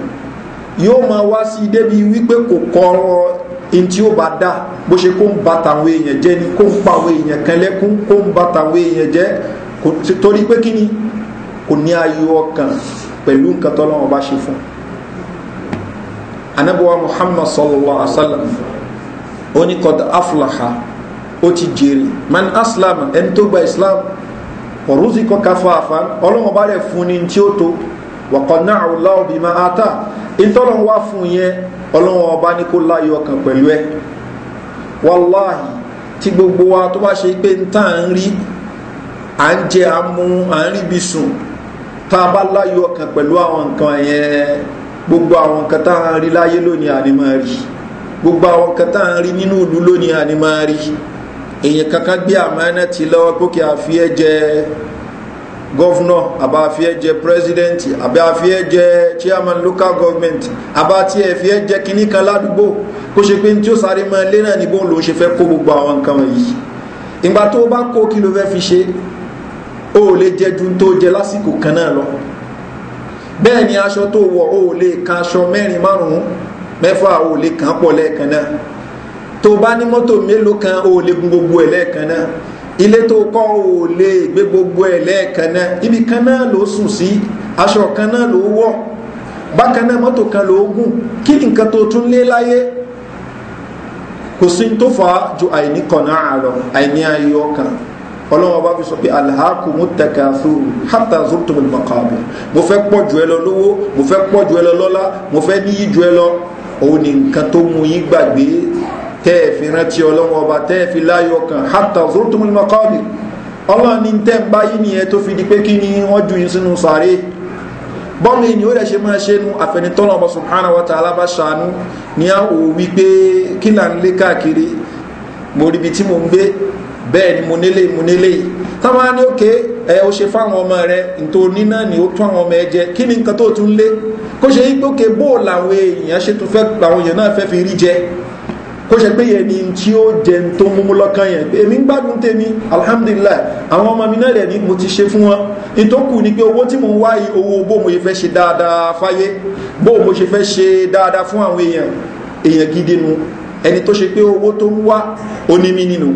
yóò máa wá sí i débi wípé kò kọrọ in tí ó bá dà bó ṣe kó ń ba tàwọn èèyàn jẹ́ ni kó ń pa àwọn èèyàn kan lẹ́kún kó ń ba tàwọn èèyàn jẹ́ torí pé kí ni kò ní ayé ọkàn pẹ̀lú nǹkan tọ́lọ́wọ́n bá ṣe fún un muhammad sallallahu alaihi wa sallam oni qad aflaha ó ti jèrè man aslama ẹni tó gba islam ọ̀rùsìkọ̀ káfáfá ọlọ́wọ́n bá rẹ̀ fún ni tí ó tó wàkọ̀ náà ọláwọ̀ bí máa ta ìtọ́lọ́wọ́ wá fún yẹn ọlọ́wọ́n ọba ní kó láyé ọkàn pẹ̀lú ẹ wàláhì tí gbogbo wa tó bá ṣe pé ń tà ń rí à ń jẹ àmú à ń ríbi sùn tá a bá láyé ọkàn pẹ̀lú àwọn nǹkan yẹn gbogbo àwọn nǹkan tá a rí láyé lónìí àdìmọ́ rí gbogbo àwọn kan tá à ń rí nínú ìlú lónìí àní máa rí èèyàn kankan gbé àmánà ti lọ́wọ́ pé kí a jẹ gọ́fúnà àbá fi jẹ pírẹ́sidẹ́ǹtì àbá fi jẹ chairman local government àbá tí ẹ fi ẹ́ jẹ kínní kan ládùúgbò kó ṣe pé tí ó sáré máa lé náà níbo ló ṣe fẹ́ kó gbogbo àwọn nǹkan wọ̀nyí ìgbà tó o bá kó kí ló fẹ́ fi ṣe o ò lè jẹ ju tó jẹ lásìkò kan náà lọ bẹ́ẹ̀ ni aṣọ tó wọ̀ o ò lè kan aṣọ mẹ́rin márùn-ún mẹ́fà ò lè kàn pọ̀ lẹ́ẹ̀kan náà tó bá ní mọ́tò mélòó kan ò lè gun gbogbo ẹ̀ lẹ́ẹ̀kan náà ilé tó kọ́ ò lè gbé gbogbo ẹ̀ lẹ́ẹ̀kan náà ibi kan náà ló sùn sí aṣọ kan náà ló wọ̀ bákan náà mọ́tò kan ló gùn kí nǹkan tó tún lé láyé kò sí tó fa ju àìní kọ̀nà àlọ́ àìní ayé ọkàn ọlọ́wọ́ bá fi sọ pé alhakumu takathur hatta zurtumul maqabir mo fẹ́ pọ̀ jù ẹ lọ lówó mo fẹ́ pọ̀ jù ẹ lọ lọ́lá mo fẹ́ níyì jù ẹ lọ òun ni nǹkan tó mú yín gbàgbé tẹ́ẹ̀fì rántí ọlọ́run ọba tẹ́ẹ̀fì láyọ̀ kan hátà zurtumul maqabir ọlọ́run ní tẹ́ ń bá yí nìyẹn tó fi di pé kí ni wọ́n ju yín sínú sàárè bọ́ọ̀lù bẹ́ẹ̀ ni mo nílé mo nílé yìí táwọn á ní òkè ẹ o ṣe fáwọn ọmọ rẹ nítorí oní náà ni ó tún àwọn ọmọ ẹ jẹ kí ni nǹkan tó tún lé kó ṣe yí gbókè bó làwọn èèyàn ṣe tún fẹ́ làwọn èèyàn náà fẹ́ fi rí jẹ kó ṣe pé yẹn ni tí ó jẹ tó múmú lọ́kàn yẹn èmi ń gbádùn tèmi alhamdulilayi àwọn ọmọ mi náà rẹ̀ ni mo ti ṣe fún wọn ìtókù ni pé owó tí mo ń wáyé owó bó mo ṣe fẹ́ ṣe dáadáa fáyé bó mo ṣe fẹ́ ṣe dáadáa fún àwọn èèyàn èèyàn gidi nu ẹni tó ṣe pé owó tó ń wá onímí nínú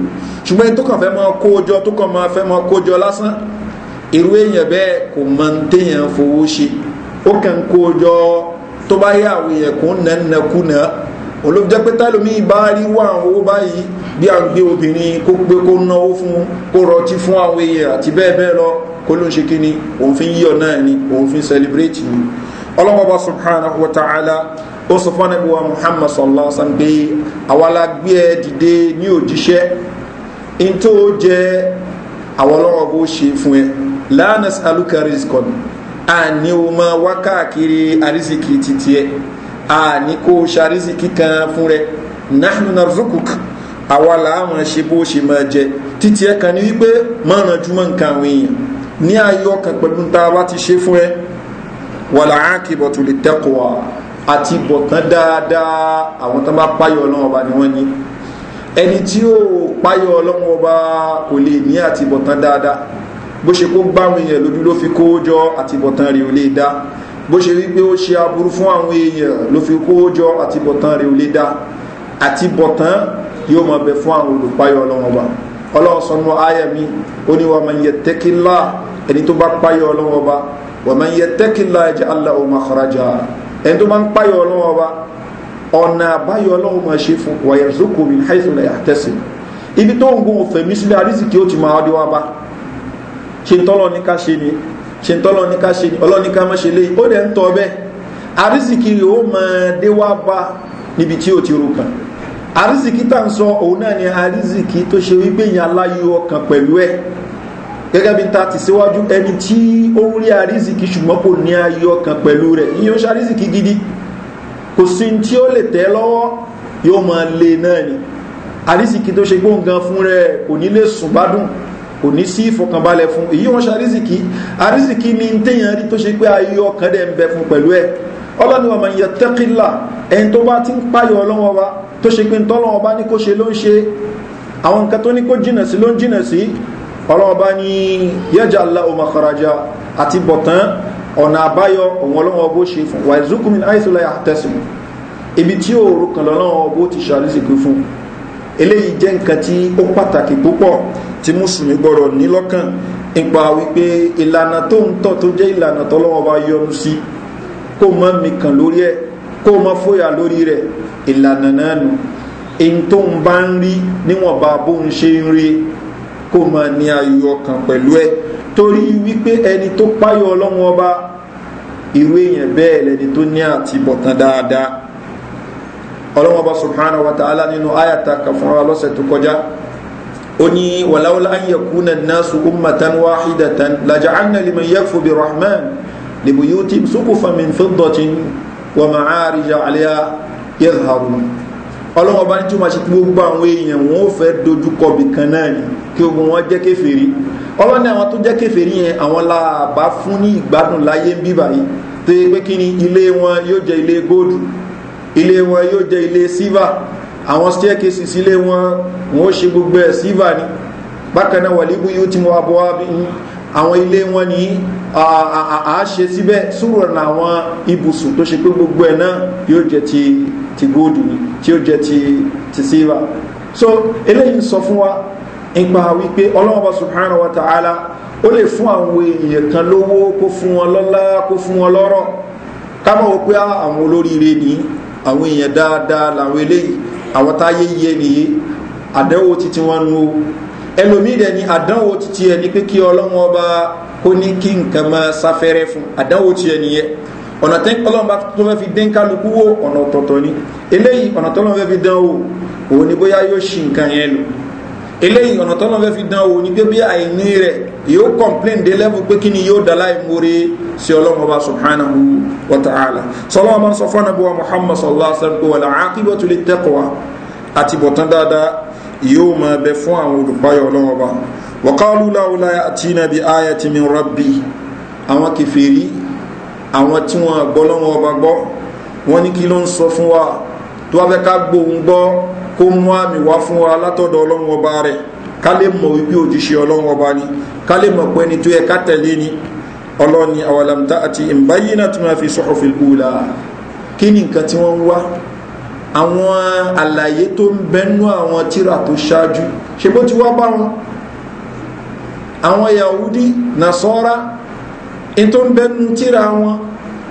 ṣùgbọ́n ẹni tó kàn fẹ́ máa kó jọ tó kàn máa fẹ́ máa kó jọ lásán irú èèyàn bẹ́ẹ̀ kò mọ téèyàn fowó ṣe ó kàn kó jọ tó bá yá àwọn èèyàn kò ń nànàkúnà olóòjẹ́ pé tálómìí bá rí wà owó báyìí bí a ń gbé obìnrin kó gbé kó náwó fún kó rọtí fún àwọn èèyàn àti bẹ́ẹ̀ bẹ́ẹ̀ lọ kó ló ń ṣe kíni òun fi ń yọ̀ náà ni òun fi ń celebrate ni ọlọ́mọba subhanahu wa ta'ala ó sọ fún anabi wa muhammad sallallahu alaihi wa sallam pé àwa la gbé ẹ dìde ní òjíṣẹ́ ntó jẹ àwọn ọlọ́wọ́ bó ṣe fún ẹ la nas'aluka rizqan àní o máa wá káàkiri àrísìkì títí ẹ àní kó o ṣàrísìkì kan fún rẹ nahnu narzukuk àwa làwọn ṣe bó ṣe máa jẹ títí ẹ kan ní wípé márùn júmọ́ nǹkan àwọn èèyàn ní ayọ̀ kan pẹ̀lú tá bá ti ṣe fún ẹ wal aqibatu lit taqwa àti bọ̀tán dáadáa àwọn tó bá páyọ̀ ọlọ́run ọba ni wọ́n ní ẹni tí ó páyọ̀ ọlọ́run ọba kò lè ní àti bọ̀tán dáadáa bó ṣe kó gbáwọn èèyàn lójú ló fi kó jọ àti bọ̀tán rẹ̀ ò lè dá bó ṣe wípé ó ṣe aburú fún àwọn èèyàn ló fi kó àti bọ̀tán rẹ̀ ò lè dá àti bọ̀tán yóò máa bẹ fún àwọn olùpáyọ̀ ọlọ́run ọba ọlọ́run sọnù ayẹ ó ní wàá máa yẹ ẹni tó bá páyọ̀ ọlọ́run ọba wàá máa yẹ tẹ́kílá ẹ̀jẹ̀ allah ọmọ àkàràjà ẹni tó ọlọ́wọ́ ọ̀nà àbáyọ̀ ọlọ́wọ́ máa ṣe fún ibi tó ń gun òfẹ̀mí sílẹ̀ àrísìkí ó ti máa ọdí wá bá ṣe ní ká ṣe ni ṣe ní ká ṣe ni ọlọ́ní ká má ṣe léyìí ó dẹ̀ ń tọ́ ti tá ń sọ òun náà ni tó ṣe wípé aláyọ̀ gẹ́gẹ́ bí ta ti síwájú ẹni tí ó ń rí àrísìkí ṣùgbọ́n kò ní ayé ọkàn pẹ̀lú rẹ̀ yíò ń ṣàrísìkí gidi kò sí tí ó lè tẹ́ lọ́wọ́ yóò máa lè náà ni àrísìkí tó ṣe gbóǹgan fún rẹ̀ kò ní lè sùn bádùn kò ní sí ìfọkànbalẹ̀ fún èyí wọ́n ṣe àrísìkí àrísìkí ní téèyàn rí tó ṣe pé ayé ọkàn dẹ̀ ń bẹ fún pẹ̀lú ẹ̀ ọlọ́ni ọmọ ìyẹn tẹ́kílà ẹni tó bá ti ń páyọ̀ ọlọ́wọ́ wa tó ṣe pé ń tọ́lọ́wọ́ bá ní kó ṣe ló ń ṣe àwọn nǹkan tó ní kó jìnà sí ló ń jìnà sí ọlọ́ọ̀bá ní yẹ́jà aláwọ̀ makaraja àti bọ̀tán ọ̀nà àbáyọ òun ọlọ́wọ́ bó ṣe fún wà ìzúkùnmí àìsílẹ̀ àtẹ́sùn ibi tí ó rúkan lọ́wọ́ bó ti ṣàrísìkú fún eléyìí jẹ́ nǹkan tí ó pàtàkì púpọ̀ tí mùsùlùmí gbọ́rọ̀ ní lọ́kàn nípa wípé ìlànà tó ń tọ́ tó jẹ́ ìlànà tọ́lọ́wọ́ bá yọnu sí kó mọ́ mi lórí ẹ̀ kó mọ́ fóyà lórí rẹ̀ ìlànà náà nù èyí tó ń bá ń rí níwọ̀nba bó ń ṣe ń rí kó ma ní ayò ọkàn pẹ̀lú ẹ torí wípé ẹni tó páyọ ọlọ́run ọba irú èèyàn bẹ́ẹ̀ lẹni tó ní àti bọ̀tán dáadáa ọlọ́run ọba subhanahu wa ta'ala nínú ayata kan fún wa lọ́sẹ̀ tó kọjá ó ní wàláwọlá an yakuna nasu ummatan wahidatan laja'anna liman yakfu bi rahman libuyutim sukufa min fiddatin wa ma'arija alayha yadhharun ọlọ́run ọba ní tí ó máa ṣe gbogbo àwọn èèyàn wọn ò fẹ́ dojúkọ bìkan náà ni kí ogun wọn jẹ́ kéfèrí ọlọ́ni àwọn tó jẹ́ kéfèrí yẹn àwọn làbá fún ní ìgbádùn láyé ń bíbà yìí tó yẹ pé kí ni ilé wọn yóò jẹ́ ilé góòdù ilé wọn yóò jẹ́ ilé sílvà àwọn staircase sílé wọn wọn ó ṣe gbogbo ẹ̀ sílvà ni bákan náà wàlíbú yóò ti mọ abọ́ àwọn ilé wọn a àáṣe síbẹ̀ sùúrù làwọn ibùsùn tó ṣe pé gbogbo ẹ̀ náà yóò jẹ́ ti ti góòdù ni tí yóò jẹ́ ti ti sílvà so eléyìí sọ fún wa ipa wípé ọlọ́wọ́ba subhanahu wa ta'ala ó lè fún àwọn èèyàn kan lówó kó fún wọn lọ́lá kó fún wọn lọ́rọ̀ kámọ̀ wọ́n pé ah, àwọn olóríire ní àwọn èèyàn dáadáa làwọn eléyìí àwọn táyé yẹ nìyí àdánwò títí wọn nu ẹlòmíì ni àdánwò títí ẹ ní pé kí kó ní kí nǹkan sáfẹ́rẹ́ fún àdánwò ẹ nìyẹn ọ̀nà ni eléyìí ọ̀nà tó fẹ́ fi dán wò òun ni bóyá eléyìí ọ̀nà tọ́nà fẹ́ fi dán o ní bébí àìní rẹ̀ yóò complain dé lẹ́bù pé kí ni yóò dá láì múre sí ọlọ́run ọba subhanahu wa ta'ala sọlọ́run ọba ń sọ fún anabi wa muhammad sallallahu alaihi wa sallam pé wàlá aqibatu lit taqwa àti bọ̀tán dáadáa yóò máa bẹ fún àwọn olùpáyọ̀ ọlọ́run ọba wa qalu lawla ya'tina bi ayatin min rabbi àwọn kèfèrí àwọn tí wọ́n gbọ́ lọ́run ọba gbọ́ wọ́n ní kí ló ń sọ fún wa tó wá fẹ́ ká gbóhùn gbọ́ kó mú àmì wá fún wa látọ̀dọ̀ ọlọ́run ọba rẹ̀ ká lè mọ̀ wípé òjíṣẹ́ ọlọ́run ọba ni ká lè mọ̀ pé ẹni tó yẹ ká tẹ̀lé ni ọlọ́ni awalamta àti ìbáyínà tó máa fi sọ̀rọ̀ fi kúlà kí ni nǹkan tí wọ́n ń wá àwọn àlàyé tó ń bẹnú àwọn tíra tó ṣáájú ṣe bó ti wá bá wọn àwọn yahudi nasọ́ra in tó ń bẹnú tíra wọn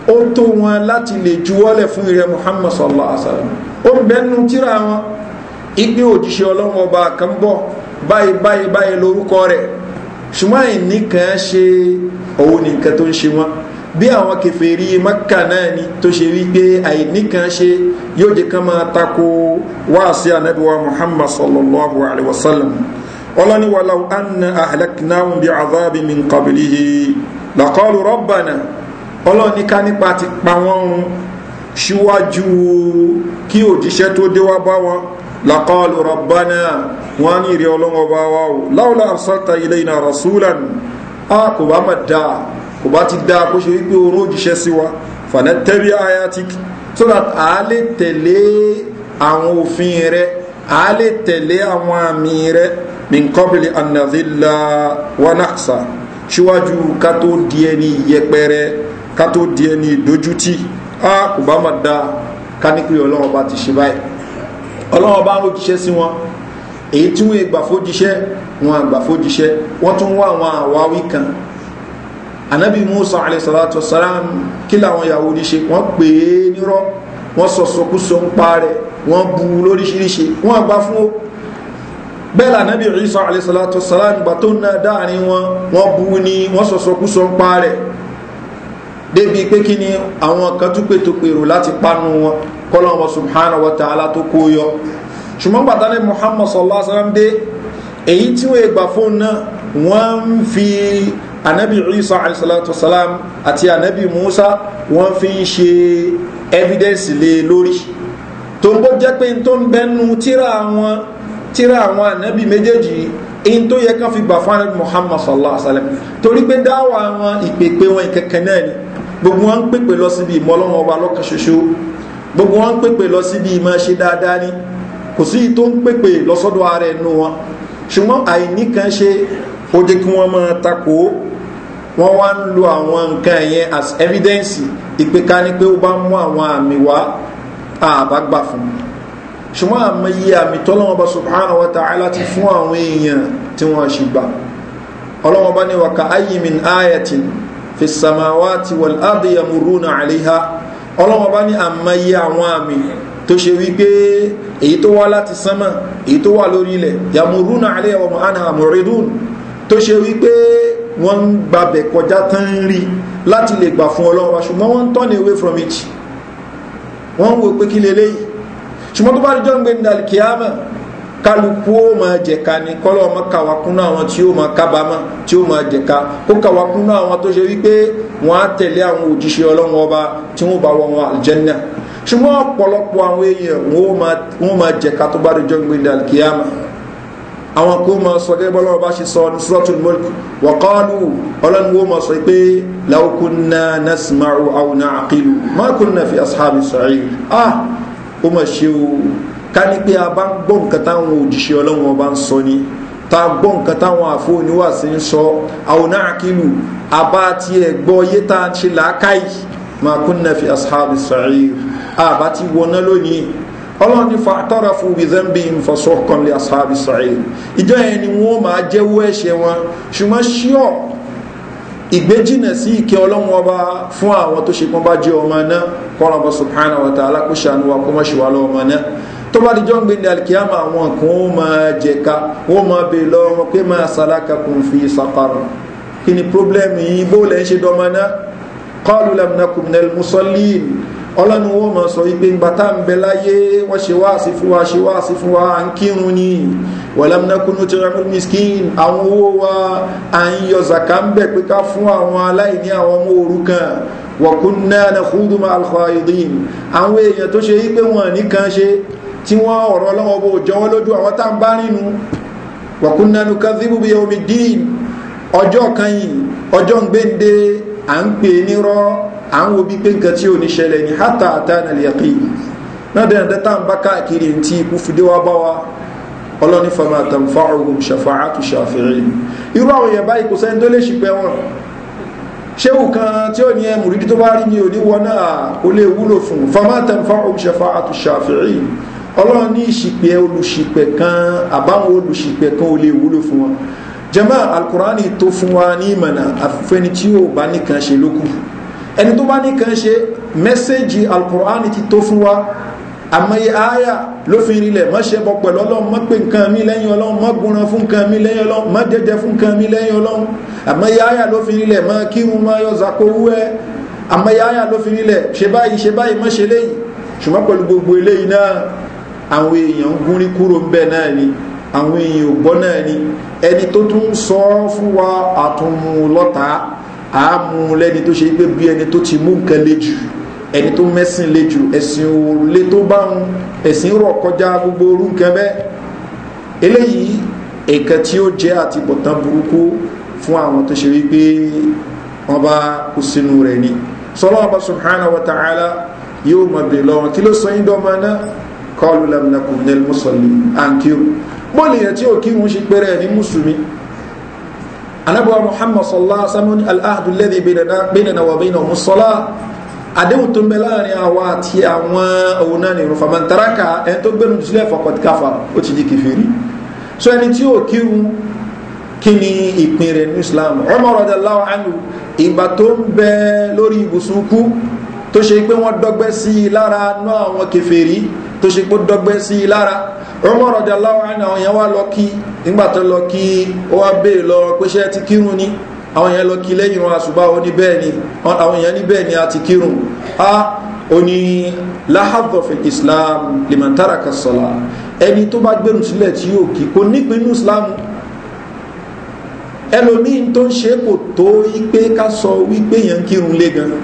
ó tó wọn láti lè juwọ́lẹ̀ fún ìrẹ muhammad sallallahu alaihi wasallam ó ń bẹnú tíra wọn ipe òjíṣẹ́ ọlọ́run ọba kan bọ̀ báyìí báyìí báyìí lórúkọ rẹ̀ ṣùgbọ́n àìní kan ṣe òun nìkan tó ń ṣe wọn bí àwọn kèfèrí maka náà ni tó ṣe rí pé àìní kan ṣe yóò jẹ́ kán máa tako wáàsí anábíwá muhammad sallallahu alaihi wasallam ọlọ́ni walau anna ahlaknahum bi azabi min qablihi laqalu rabbana ọlọ́ni ká nípa ti pa wọ́n ṣíwájú kí òjíṣẹ́ tó dé wá bá wọn laqalu rabbana wọ́n ní ìrẹ́ ọlọ́wọ́ bá wá o láwùlá arsalta ilayna rasulan a kò bá mà dáa kò bá ti dáa kó ṣe wípé oró jíṣẹ́ sí wa fanattabi ayatik so that a lè tẹ̀lé àwọn òfin rẹ a lè tẹ̀lé min qabli an nadhilla wa nahsa ṣíwájú ká tó di ẹni yẹpẹrẹ ká tó di ẹni dójútì a ti ṣe ọlọ́wọ́ bá ń ló jíṣẹ́ sí wọn èyí tí wọ́n gbà fójíṣẹ́ wọn àgbà fójíṣẹ́ wọ́n tún wá àwọn àwáwí kan anabi musa alayhisalatu wasalam kí làwọn yahudi ṣe wọ́n pè é nírọ́ wọ́n sọ̀sọ̀kúsọ ń pa rẹ̀ wọ́n bu lóríṣiríṣi wọ́n àgbà fún ó bẹ́ẹ̀ lànàbì isa alayhisalatu wasalam gbà tó ń na dáàrin wọn wọ́n bu ni wọ́n sọ̀sọ̀kúsọ ń pa rẹ̀ débi pé kí ni àwọn kan tún pé tó pèrò láti panu wọn kọ́lọ́wọ́ subhanahu wa ta'ala tó kó yọ ṣùgbọ́n gbàtánẹ́ muhammad sallallahu alaihi wasallam dé èyí tí wọ́n gbà fún náà wọ́n ń fi anabi isa alaihissalatu wasalam àti anabi musa wọ́n fi ń ṣe evidence lé lórí tó ń bó jẹ́ pé tó ń bẹnu tíra àwọn anabi méjèèjì in tó yẹ kán fi gbà fún anabi muhammad sallallahu alaihi wasallam torí pé dáwà àwọn ìpèpè wọn ìkẹkẹ náà ni gbogbo wọn ń pèpè lọ síbi ìmọ̀ ọlọ́run ọba lọ́kan ṣoṣo gbogbo wọn ń pèpè lọ síbi ìmọ̀ ṣe dáadáa ni kò sí ìtò ń pèpè lọ́sọ́dọ̀ ara ẹnu wọn ṣùgbọ́n àìní kan ṣe ó kí wọ́n máa takò ó wọ́n wá ń lo àwọn nǹkan ẹ̀yẹn as evidence ìpèka ni pé ó bá mú àwọn àmì wá àbágbà fún un ṣùgbọ́n àmọ́ iye àmì tọ́lọ́wọ́n bá subhana wa ta'ala ti fún àwọn èèyàn tí wọ́n ṣì gbà ọlọ́wọ́n bá ní wàkà ayyimin ayatin fi samawati wal ardi yamuruna alaiha ọlọ́wọ́n bá ní àmọye àwọn àmì tó ṣe wípé èyí tó wá láti sánmà èyí tó wà lórí ilẹ̀ yamuruna alaiha wa ma'ana amuridun tó ṣe wípé wọ́n ń gbabẹ̀ kọjá tán ń rí láti lè gbà fún ọlọ́wọ́n ṣùgbọ́n wọ́n ń turn away from it wọ́n ń wo pé kí lélẹ́yìí ṣùgbọ́n tó bá rí jọ́ ń gbé ní dàlkìámà kálukú ó máa jẹ̀ka ni kọ́lọ́ ọmọ kàwákúnú àwọn tí ó máa kábàámọ̀ tí ó máa jẹ̀ka kó kàwákúnú àwọn tó ṣe wípé wọ́n á tẹ̀lé àwọn òjíṣẹ́ ọlọ́run ọba tí wọ́n bá wọn àlùjẹ́nà ṣùgbọ́n ọ̀pọ̀lọpọ̀ àwọn èèyàn wọ́n máa jẹ̀ka tó bá dojọ́ gbẹ̀dẹ̀ àlùkìyàmà àwọn kó máa sọ gẹ́gẹ́ bọ́lọ́wọ́ bá ṣe sọ ní suratul mulk wa qalu ọlọ́run wo máa sọ pé law kunna nasma'u aw na'qilu ma kunna fi ashabi sa'ir ah ó máa ṣe o ká ní pé a bá ń gbọ́ nǹkan táwọn òjìṣẹ́ ọlọ́run ọba ń sọ ni ta gbọ́ nǹkan táwọn àfóòníwàsí ń sọ àwòrán àkìlù àbá tiẹ̀ gbọ́ yé tá a ṣe làákàyè ma kunna fi ashabi sa'ir abati wona loni ọlọ́run ní fàtàràfù bìzẹ́mbì ìfọ̀sọ́kan lè asáàbì sàáyìn ìjọ yẹn ni wọ́n máa jẹ́wọ́ ẹ̀ṣẹ̀ wọn ṣùgbọ́n ṣíọ̀ ìgbéjìnà sí ìkẹ́ ọlọ́run ọba fún àwọn tó ṣe pọ́n bá jẹ́ ọmọ náà kọ́ra bọ́ subhanahu wa ta'ala kó ṣàánú wa kó mọ́ ṣe wà lọ́wọ́ ọmọ náà tó bá di jọ́ ń gbé ní alikiyama àwọn kan ó máa jẹ̀ka ó máa bè lọ wọn pé máa salaka kun fi saqara kí ni pírọ́blẹ́mù yìí bó lẹ́ ń ṣe dọ́mọ́ná qalu lam naku minal musallin ọlọ́nu wọ́n máa sọ ìgbé gbàtà ń bẹ láyé wọ́n ṣe wá sí fún wa ṣe wá sí fún wa à ń kírun ní walam naku miskin àwọn owó wa à ń yọ zaka ń bẹ̀ pé ká fún àwọn aláìní àwọn ọmọ òrukàn wa kunna nakhudu ma'al kha'idin àwọn èèyàn tó ṣe yí pé wọ́n nìkan ṣe tí wọ́n ọ̀rọ̀ ọlọ́wọ́ bó jọwọ́ lójú àwọn tá ń bá rínú wàkúnnanu kadhibu bi yawmi din ọjọ́ kan yìí ọjọ́ ń gbéǹde à ń pè é nírọ́ à ń wo bí pé nǹkan tí ò ní ṣẹlẹ̀ ní hátà àtàna al kan tí ó ní ẹ tó bá rí ni òní wọn náà kò lè wúlò fún fama tanfa'uhum shafa'atu shafi'in ọlọ́run ní ìṣìpẹ̀ olùṣìpẹ̀ kan àbáwọn olùṣìpẹ̀ kan ò lè wúlò fún wọn jẹ́mọ́ alukurani tó fún wa ní ìmọ̀nà àfẹ́ni tí yóò bá nìkan ṣe lókù ẹni tó bá nìkan ṣe mẹ́sẹ̀jì alukurani ti tó fún wa àmọ́yé àáyà lófin rilẹ̀ mọ́ ṣe bọ pẹ̀lú ọlọ́run mọ́ pé nǹkan mi lẹ́yìn ọlọ́run mọ́ gbọ́nran fún nǹkan mi lẹ́yìn ọlọ́run mọ́ jẹjẹ fún nǹkan mi lẹ́yìn ọlọ́run àmọ́yé àáyà lófin rilẹ̀ mọ́ kírun mọ́ yọ zakowú ẹ àmọ́yé àáyà lófin rilẹ̀ ṣe báyìí ṣe báyìí mọ́ ṣe léyìí ṣùgbọ́n pẹ̀lú gbogbo eléyìí náà àwọn èèyàn ń gúnrí kúrò ń náà ni àwọn èèyàn ò gbọ́ náà ni ẹni tó tún ń sọ fún wa àtúnmù lọ́ta àámu lẹ́ni tó ṣe pé bí ẹni tó ti mú nǹkan le jù ẹni tó mẹ́sìn le jù ẹ̀sìn òrùlé tó bá ń ẹ̀sìn rọ̀ kọjá gbogbo orú nǹkan bẹ́ẹ̀ eléyìí nǹkan tí ó jẹ́ àti bọ̀tán burúkú fún àwọn tó ṣe wípé wọ́n bá kú sínú rẹ̀ ni sọlọ́wọ́n bá subhanahu wa ta'ala yóò mọ̀ bèèrè lọ́wọ́ kí ló sọ yín dọ́mọ náà kọlu lamnaku nel musolli ankiru bọ́ọ̀lù yẹn tí ó kí wọ́n ṣe pẹ́rẹ́ ní mùsùlùmí anábọ̀wá muhammad sallallahu alaihi wasallam al'ahdu lẹ́dí bẹ́ẹ̀nà wà bẹ́ẹ̀nà musola àdéhùn tó ń bẹ láàrin àwa àti àwọn òun náà nìrún famantaraka ẹni tó gbẹ́nu sílẹ̀ fọkọtìkáfà ó ti di kìfìrí so ẹni tí ó kí wọn kí ni ìpín rẹ̀ ní islam ọmọ rọ̀dà tó ṣe pé wọ́n dọ́gbẹ́ sí lára náà àwọn kẹfẹ́rí tó ṣe pé dọ́gbẹ́ sí i lára Umar radiyallahu anhu àwọn yẹn wá lọ kí nígbà tó lọ kí ó wá bèè lọ pé ṣé ẹ ti kírun ni àwọn yẹn lọ kí lẹ́yìn wọn àṣùbá ó ní bẹ́ẹ̀ ni àwọn yẹn ní bẹ́ẹ̀ ni a ti kírun a ó ní láhàbọ̀ islam liman taraka ẹni tó bá gbẹ̀rù sílẹ̀ tí yóò kí kò nípinnu islam ẹlòmíín tó ń ṣe kò tó wípé ká sọ wípé yẹn kírun lé gan-an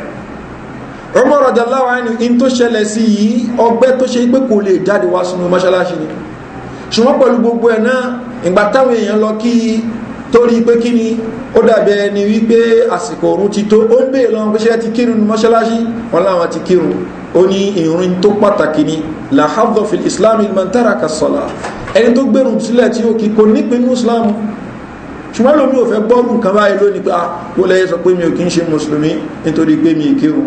Umar radiyallahu anhu in tó ṣẹlẹ̀ sí yìí ọgbẹ́ tó ṣe pé kò lè jáde wá sínú mọ́ṣáláṣí ni ṣùgbọ́n pẹ̀lú gbogbo ẹ̀ náà ìgbà táwọn èèyàn lọ kí torí pé kí ni ó dàbẹ̀ ẹni wípé àsìkò òrùn ti tó ó ń bèèrè lọ́wọ́ pé ṣe ti kírun ní mọ́ṣáláṣí wọn láwọn ti kírun ó ní ìrun tó pàtàkì ni la hadda fil islam man taraka as-salah ẹni tó gbẹ̀rùn sílẹ̀ tí ó kì kò nípinnu islam ṣùgbọ́n lómi ò fẹ́ gbọ́rùn kan báyìí lónìí pé ah wọ́n lẹ́yẹ sọ pé mi ò kí ń ṣe mùsùlùmí nítorí pé mi ì kírun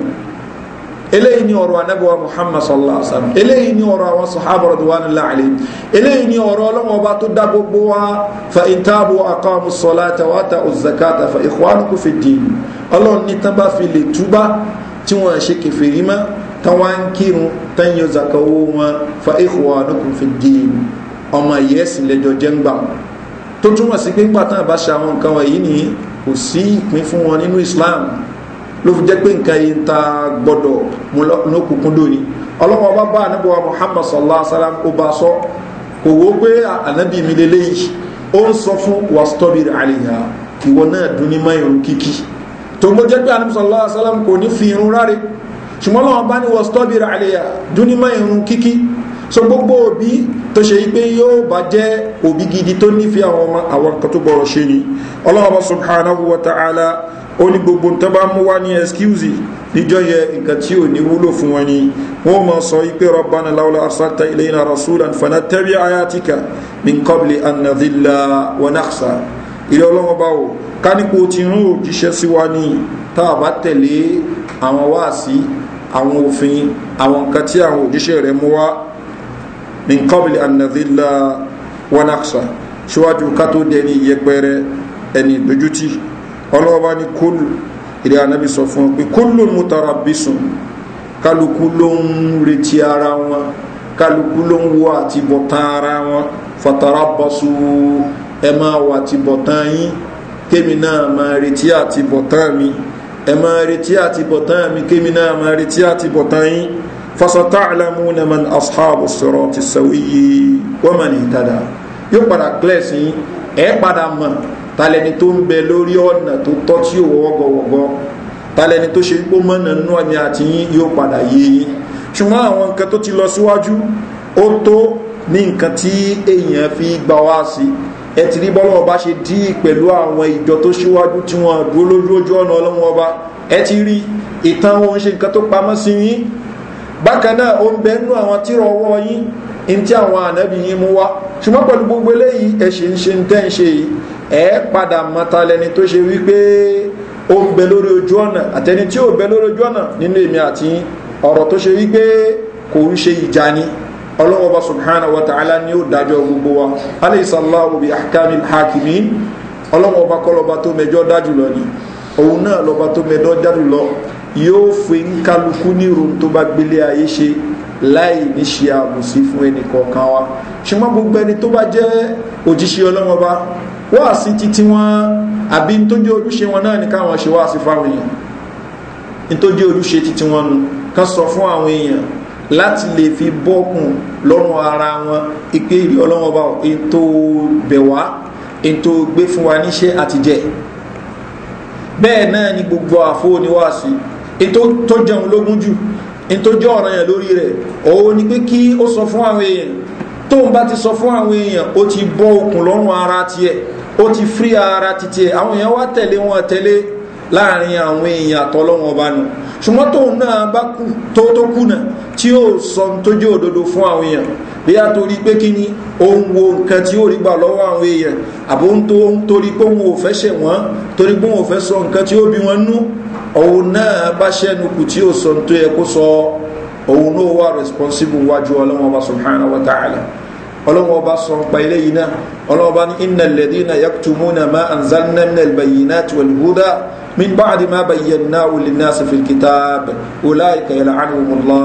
eléyìí ni ọ̀rọ̀ anábíwá muhammad sallallahu alaihi wa sallam eléyìí ni ọ̀rọ̀ àwọn sahaba radwanullahi alaihim eléyìí ni ọ̀rọ̀ ọlọ́wọ́ bá tó dá gbogbo wa fa intabu aqamu salata wa ta zakata fa ikhwanukum fi din ọlọ́run ní tán bá fi lè túbá tí wọ́n ṣe kẹfìrí mọ́ tán wá ń kírun tán yọ zaka owó wọn fa ikhwanukum fi din ọmọ yẹ́sì lẹ́jọ́ jẹ́ tó túmọ̀ sí pé ń gbà tán àbáṣe wọ̀nyí ni kò sí ìpín fún wọn nínú islam ló fi jẹ́ pé nǹkan yìí ń ta gbọ́dọ̀ mú lọ́kùnkún lónìí ọlọ́pàá bá bá ànábì wa muhammad sallallahu alaihi wa sallam ó bá sọ kò wó pé ànábì mi lélẹ́yìí ó ń sọ fún wàstọ́bìrì àlìyá ìwọ náà dún ní mayọ̀rún kíkí tó gbọ́ jẹ́ pé ànábì sallallahu alaihi wa sallam kò ní fi irun rárẹ̀ ṣùgbọ́n lọ́wọ́ bá ní wàstọ́bìrì àlìyá dún ní mayọ̀rún kíkí so gbogbo òbí tó ṣe yí pé yóò bá jẹ́ òbí gidi tó nífẹ̀ẹ́ àwọn ọmọ àwọn kan tó gbọ́rọ̀ ṣe ni ọlọ́wọ́ subhanahu wa ta'ala ó ní gbogbo tó bá mú wá ní ẹskíwùsì níjọ́ yẹ nǹkan tí ò ní wúlò fún wọn ni wọ́n mọ̀ sọ wípé rọ́bánà láwọlá arsalta ilayna rasulan fana tẹ́bí ayatika min qabli anadila nadhilla wa nakhsa ilẹ̀ ọlọ́wọ́ báwo ká nípo ti rún òjíṣẹ́ sí wa ní tá a bá tẹ̀lé àwọn wáàsí àwọn òfin àwọn nǹkan tí àwọn òjíṣẹ́ rẹ̀ mú wá min qabli anadila nadhilla wa nakhsa síwájú ká tó dẹni yẹpẹrẹ ẹni dójútì ọlọ́ọ̀bá ní kúlù ìrẹ́ anábì sọ fún pé kúlù mú tara bísùn kálukú ló ń retí ara wọn kálukú ló ń wọ àti bọ̀tán ara wọn fatara bọ́sù ẹ máa wọ àti bọ̀tán yín kémi náà máa retí àti bọ̀tán mi ẹ máa retí àti bọ̀tán mi kémi náà máa retí àti bọ̀tán yín fasata'lamuna man ashabu sirati sawiyi wa man ihtada yóò padà kílẹ̀ sí ẹ padà mọ̀ talẹni tó ń bẹ lórí ọ̀nà tó tọ́ tí ò wọ́gọ̀wọ́gọ́ talẹni tó ṣe pó mọ́nà nú ọ̀mí àti yín yóò padà yé yín ṣùgbọ́n àwọn nǹkan tó ti lọ síwájú ó tó ní nǹkan tí èèyàn fi gbà wá sí ẹ ti rí bọ́lá ọba ṣe dí pẹ̀lú àwọn ìjọ tó síwájú tí wọ́n dúró lójú ojú ọ̀nà ọlọ́wọ́n ọba ẹ ti rí ìtàn òun ṣe nǹkan tó pamọ́ sí yín bákan náà ó ń bẹnu àwọn tírọ̀ ọwọ́ yín ní tí àwọn ànábì yín mú wá ṣùgbọ́n pẹ̀lú gbogbo eléyìí ẹ ṣe ń ṣe ń tẹ́ ń ṣe yìí ẹ padà mọ́ta lẹni tó ṣe wípé ó ń bẹ lórí ojú ọ̀nà àtẹni tí ó bẹ lórí ojú ọ̀nà nínú èmi àti ọ̀rọ̀ tó ṣe wípé kò ń ṣe ìjà ni ọlọ́wọ́ subhanahu wa ta'ala ni ó dájọ́ gbogbo wa aleyhisallahu bi ahkamil hakimi ọlọ́wọ́ bá to tó mẹjọ́ dájú lọ ni òun náà lọ́ba tó mẹjọ́ dájú lọ yóò fi ń kálukú ní tó bá gbélé ayé ṣe láì ní ṣe àbùsí fún ẹnì kọ̀ọ̀kan wa ṣùgbọ́n gbogbo ẹni tó bá jẹ́ òjíṣẹ́ wáàsí títí wọn àbí ntójú ojúṣe wọn náà ní káwọn ṣe wáàsí fáwọn èèyàn ntójú ojúṣe títí wọn nu kan sọ fún àwọn èèyàn láti lè fi bọ́kùn lọ́rùn ara wọn ìpè ìrì ọlọ́wọ́n bá ètò bẹ̀wá ètò gbé fún wa níṣẹ́ àtijẹ́ bẹ́ẹ̀ náà ni gbogbo àfo ni wá sí ètò tó jẹun lógún jù ètò jẹ́ ọ̀ràn yẹn lórí rẹ̀ òun ni pé kí ó sọ fún àwọn èèyàn tóun bá ti sọ fún àwọn èèyàn ó ti bọ́ okùn lọ́rùn ara tiẹ̀ ó ti fírí ara titi ẹ̀ àwọn èèyàn wá tẹ̀lé wọn tẹ̀lé láàrin àwọn èèyàn àtọ́lọ́wọ́n ọba nù ṣùgbọ́n tóun náà bá kú tó tó kùnà tí ó sọ tó òdodo fún àwọn èèyàn bí a torí pé kí ni òun wo nǹkan tí ó rí gbà lọ́wọ́ àwọn èèyàn àbó ń torí pé òun ò fẹ́ ṣẹ̀ wọ́n torí pé òun ò fẹ́ sọ nǹkan tí ó bí wọn nú òun náà bá ṣẹ́nu kù tí ó sọ tó yẹ kó sọ ọ́ òun ló wà responsible wájú ọlọ́wọ́n ọba subhanahu wa ta'ala ọlọ́wọ́n ọba sọ pa ilé yìí náà ọlọ́wọ́n ọba ní iná lẹ́dí náà yàtúmú náà máa ń zan náà ní ẹlẹ́bàyí náà tí wọ́n húdá min báàdì máa bàyẹ̀ náà wòlé náà sì fi kìtàbẹ̀ wòlá ìkà yẹlẹ ànumùlá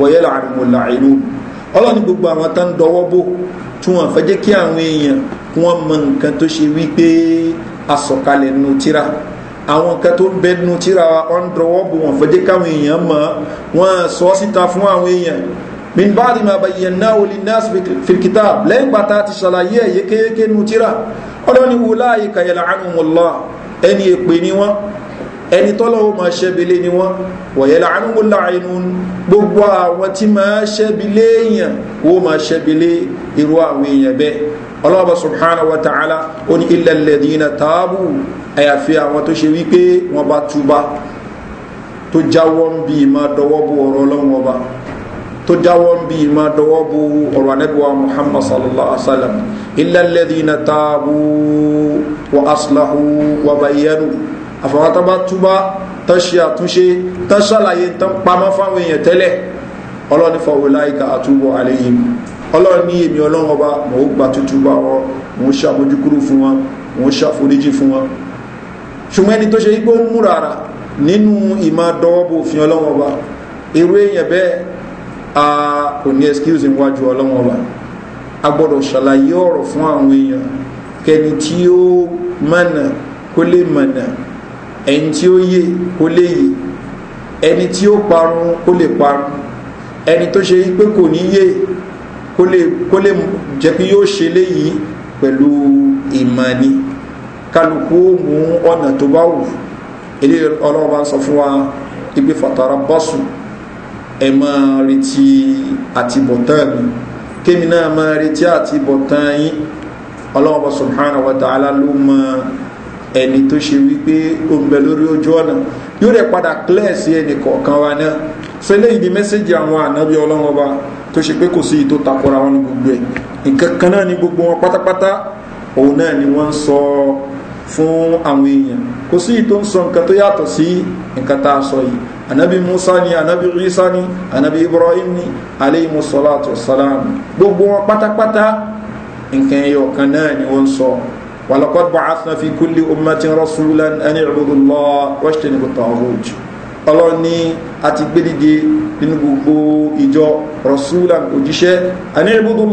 wọ̀yẹlẹ ànumùlá ìlú ọlọ́ni gbogbo àwọn tán dọwọ́ bò tí wọ́n fẹ́ jẹ́ kí àwọn èèyàn wọ́n mọ nǹkan tó ṣe wípé asọ̀kalẹ̀ nù tíra àwọn kan tó ń bẹnu tíra wọn dọwọ́ bò wọn fẹ́jẹ́ káwọn èèyàn mọ̀ wọn sọ síta fún àwọn èèyàn min báàdì máa bàyẹ̀ náà wòlí nas fìkítà lẹ́yìn pàtà ti ṣàlàyé ẹ̀ yékéyéké nu tíra ọlọ́ni wo láàyè kàyẹ̀lá ànúmọ̀lá ẹni èpè ni wọ́n ẹni tọ́lọ́wọ́ máa ṣẹ́bílé ni wọ́n wọ̀yẹ̀lá ànúmọ̀lá inú gbogbo àwọn tí máa ṣẹ́bílé èèyàn wo máa ṣẹ́bílé irú àwọn èèyàn bẹ́ẹ̀ ọlọ́wọ́ subhanahu wa ta'ala ó ní ilẹ̀ lẹ́dínà táàbù àyàfi àwọn tó ṣe wípé wọn bá túbá tó jáwọ́ ń bí ìmọ̀ dọwọ́ bu ọ̀rọ̀ ọlọ́run ọba tó jáwọ́ ń bí ìmọ̀ dọwọ́ bu ọ̀rọ̀ anábíwá muhammad sallallahu alaihi wa sallam ilẹ̀ lẹ́dínà taabu wa aslahu wa bayyanu àfọwọ́n tó bá túbá tó ṣe àtúnṣe tó ṣàlàyé tó pamọ́ fáwọn èèyàn tẹ́lẹ̀ ọlọ́ni fọwọ́lá ìka àtúbọ̀ àlẹ́yìn ọlọ́run èmi ọlọ́run ọba mò ń gbà tútù bá wọn mò ń ṣàmójúkúrú fún wọn mò ń ṣàforíjì fún wọn ṣùgbọ́n ẹni tó ṣe wípé ó ń múra ara nínú ìmọ̀ dọwọ́bò òfin ọlọ́wọ́n ọba irú èèyàn bẹ́ẹ̀ a kò ní excuse níwájú ọlọ́wọ́n ọba a gbọ́dọ̀ ṣàlàyé ọ̀rọ̀ fún àwọn èèyàn kẹni tí ó mọ̀nà kó lè mọ̀nà ẹni tí ó yé kó lè yé ẹni tí ó parun kó lè parun ẹni tó ṣe wípé kò ní yé kó lè jẹ́ pé yóò ṣe léyìí pẹ̀lú ìmọ̀ ni kálukú ó mú ọ̀nà tó bá wù ilé ọlọ́run bá ń sọ fún wa igbe fàtàrà bọ́sù ẹ máa retí àtibọ̀tán mi kémi náà máa retí àtibọ̀tán yín ọlọ́run bá subhanahu wa ta'ala ló mọ ẹni tó ṣe wípé ó ń bẹ lórí ojú ọ̀nà yóò rẹ̀ padà clear ẹnì kọ̀ọ̀kan wa náà so eléyìí ni mẹ́sẹ̀gì àwọn ànábì ọlọ́run tó ṣe pé kò sí ìtò takora wọn ní gbogbo ẹ̀ nǹkan kan náà ní gbogbo wọn pátápátá òun náà ni wọ́n ń sọ fún àwọn èèyàn kò sí ìtò ń sọ nǹkan tó yàtọ̀ sí nǹkan tá a sọ yìí anabi musa ni anabi isa ni anabi ibrahim ni aleyhimu salatu salam gbogbo wọn pátápátá nǹkan ẹyọ kan náà ni wọn sọ walakad ba'athna fi kulli ummatin rasulan an i'budu allah wajtanibu taghut ọlọ́run ní a nínú gbogbo ìjọ rasulan òjíṣẹ́ an i'budu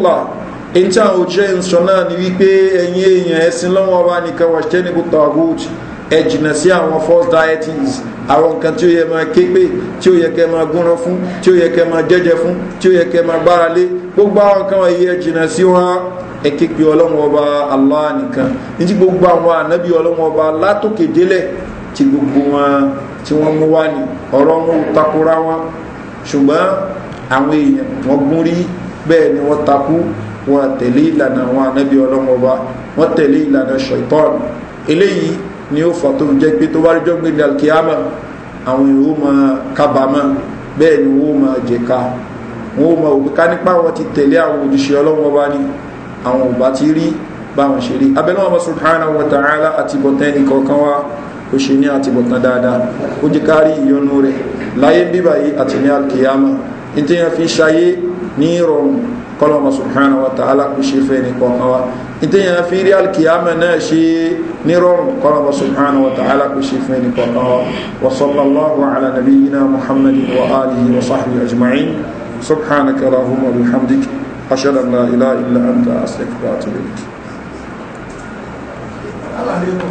in tí àwọn òjíṣẹ́ ń náà ni wípé ẹ̀yin èèyàn ẹ̀sìn lọ́wọ́ ọba nìkan wà ṣẹ́ níbo tọ́gùt ẹ jìnnà sí àwọn false deities àwọn nǹkan tí ó yẹ máa ké pé tí ó yẹ kẹ́ máa gúnran fún tí ó yẹ kẹ́ máa jẹ́jẹ́ fún tí ó yẹ kẹ́ máa gbára lé gbogbo àwọn kan wọ̀nyí ẹ sí wọn ẹ ké ọlọ́wọ́ ọba Allah nìkan ní ti gbogbo àwọn ànábì ọlọ́wọ́ ọba látòkè délẹ̀ ti gbogbo wọn tí wọ́n mú wá ní ọ̀rọ̀ wọn ò takora wọn ṣùgbọ́n àwọn èèyàn wọ́n gún rí bẹ́ẹ̀ ni wọ́n takú wọn tẹ̀lé ìlànà àwọn anábì ọlọ́mọ ọba wọn tẹ̀lé ìlànà ṣaitan eléyìí ni ó fà tó jẹ́ pé tó bá rí jọ́gbìn ní alkiyama àwọn ìwò máa kábàámọ̀ bẹ́ẹ̀ ni wọ́n máa jẹ̀ka wọ́n máa òbí nípa wọn ti tẹ̀lé àwọn òjíṣẹ́ ọlọ́mọ ni àwọn ò bá ti rí báwọn ṣe rí abẹ́lẹ́ wọn subhanahu wa ta'ala àti bọ̀tẹ́nì kọ̀ọ̀kan wa ó ṣe ní àti dáadáa ó jẹ́ kárí ìyọnu rẹ̀ láyé bíbáyé àti ní alkiyama ní tí wọ́n fi ṣayé ní ìrọ̀rùn kọlọ̀mọ̀ subhanahu wa ta'ala kò ṣe fẹ́ ní kọ̀ọ̀kan wa ìtẹ̀yàn fi rí alkiyama náà ṣe ní ìrọ̀rùn kọlọ̀mọ̀ subhanahu wa ta'ala kò ṣe fẹ́ ní kọ̀ọ̀kan wa wa sallallahu ala nabiyyina muhammadin wa alihi wa sahbihi ajma'in subhanaka allahumma wa bihamdik ashhadu an la ilaha illa anta astaghfiruka wa atubu